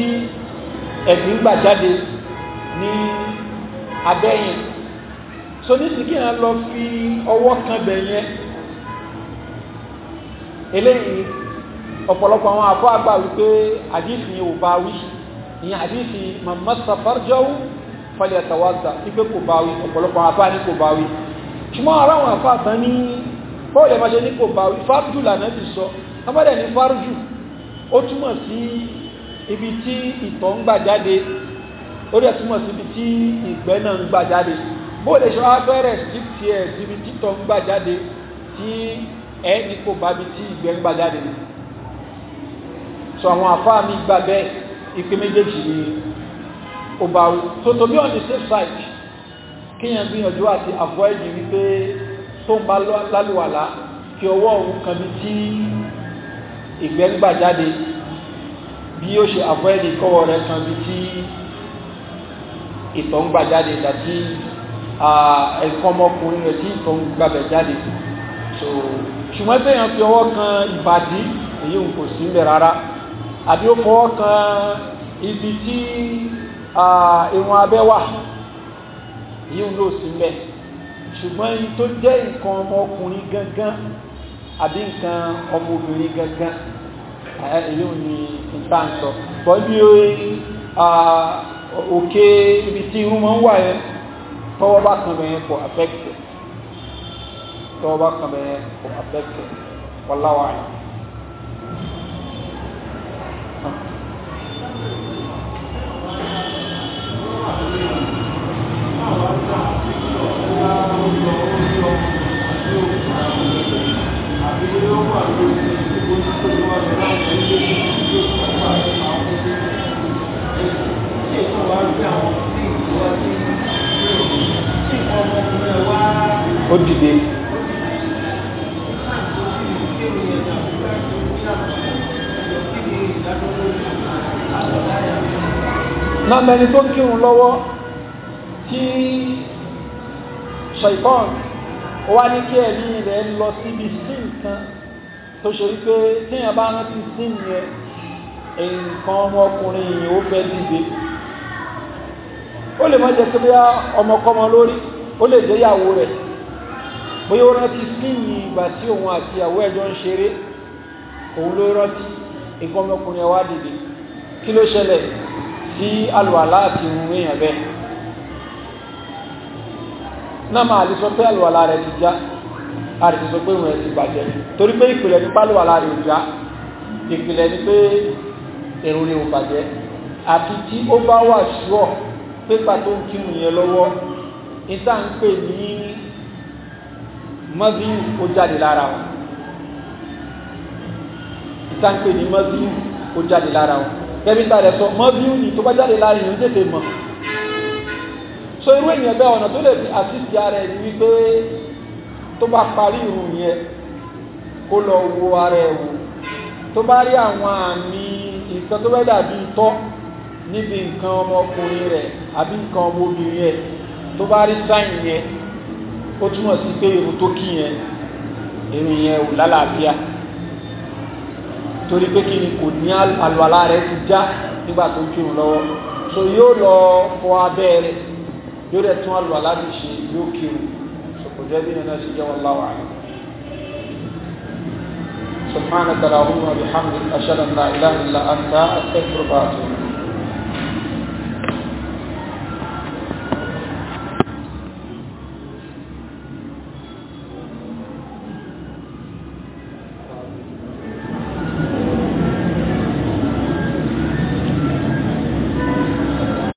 ẹ̀gbìn gbà jáde ní abẹ́yìn so nísìnyí kí wọ́n lọ fi ọwọ́ kan bẹ̀ yẹn eléyìí ọ̀pọ̀lọpọ̀ àwọn àbọ̀ àgbà wípé àdìsí ò bá wí ìyẹn àdìsí màmá safarjọ́wù fọlẹ̀ àtàwádà wípé kò bá wí ọ̀pọ̀lọpọ̀ àbá ní kò bá wí ṣùgbọ́n ara àwọn àfáàtàn ní bọ́ọ̀lẹ̀ máa ṣe ní kò bá wí fárújù lànàbì sọ abádẹ̀ ní fárújù ó túmọ̀ sí ibi tí ìtọ̀ ń gbà jáde ó dẹ̀ túmọ̀ sí ibi tí ìgbẹ́ náà ń gbà jáde bọ́ọ̀lẹ̀ ṣe wá bẹ̀rẹ̀ sí tiẹ̀ síbi títọ̀ ń gbà jáde tí ẹ ní kò bá bi tí tó ń bá lálùwàlá kí ọwọ́ òun kan bí tí ìgbẹ́ ń gbà jáde bí ó ṣe àfọ́ ẹni kọ́wọ́ rẹ̀ kan bí tí ìtọ̀ ń gbà jáde tàbí ẹ̀kọ́ ọmọkùnrin rẹ̀ tí ìtọ̀ ń gbàbẹ̀ jáde so ṣùgbọ́n tẹ́yàn fi ọwọ́ kan ìbàdí èyí ń kò sí mẹ́ rárá àbí ó fọwọ́ kan ibi tí ìwọ̀n abẹ́ wà èyí ń lò sí mẹ́ ṣùgbọ́n yìí tó jẹ́ nǹkan ọmọkùnrin gangan àbí nǹkan ọmọbìnrin gangan èyí ò ní ìtàǹsọ pọ̀lú òkè ibi tí irun mọ́ ń wà yẹn tọ́wọ́ bá kan bẹ̀yẹn kò affected tọ́wọ́ bá kan bẹ̀yẹn kò affected wallahu a'lam ó dìde. nàmẹ́ni tó kírun lọ́wọ́ tí ṣàìtàn wá ní kí ẹ̀mí rẹ̀ lọ síbi sí nǹkan tó ṣe wípé téèyàn bá rántí sí yẹn nǹkan ọmọkùnrin yìí ó fẹ́ dìde ó lè má jẹ́ pé bí ọmọkọ́mọ lórí ó lè jẹ́ ìyàwó rẹ̀ bóyá ó rántí sínyìn ìgbà tí òun àti ìyàwó ẹ̀jọ́ ń ṣeré òun ló rántí nǹkan ọmọkùnrin ẹ̀wá dìde kí ló ṣẹlẹ̀ sí àlùwàlá àti ìrùn èèyàn bẹ́ẹ̀ náà máa lè sọ pé àlùwàlá rẹ̀ ti já a ti sọ pé ìwọ̀n ẹ̀ ti bàjẹ́ torí pé ìpìlẹ̀ ní pálọ̀ àlá rẹ̀ òjá ìpìlẹ̀ ní pé èrò rẹ̀ ò bàjẹ́ àti tí ó bá wà ṣúọ̀ pépà tó ń kírun yẹn lọ́wọ́ níta ń pè ní mọ́bíù ó jáde lára wọn níta ń pè ní mọ́bíù ó jáde lára wọn kẹ́bíta rẹ̀ sọ mọ́bíù ni tó bá jáde lára yìí ń tètè so irú èèyàn bẹ́ẹ̀ ọ̀nà tó lè fi àtìsí ara ẹni wípé tó bá parí irun yẹn kó lọ wo ara ẹ̀ wò tó bá rí àwọn àmì nǹkan tó bá dàbí tọ́ níbi nǹkan ọmọkùnrin rẹ̀ àbí nǹkan ọmọbìnrin ẹ̀ tó bá rí sáìn yẹn ó túmọ̀ sí pé irun tó kí yẹn irun yẹn ò lálàáfíà torí pé kí ni kò ní àlùwàlá rẹ̀ ti já nígbà tó kírun lọ́wọ́ so yóò lọ fọ abẹ́ rẹ̀ yóò rẹ̀ tún àlùwàlá ti ṣe yóò kírun مجاهدين ناشية والله عنه سبحانك اللهم وبحمدك أشهد أن لا إله إلا أنت أستغفرك وأتوب إليك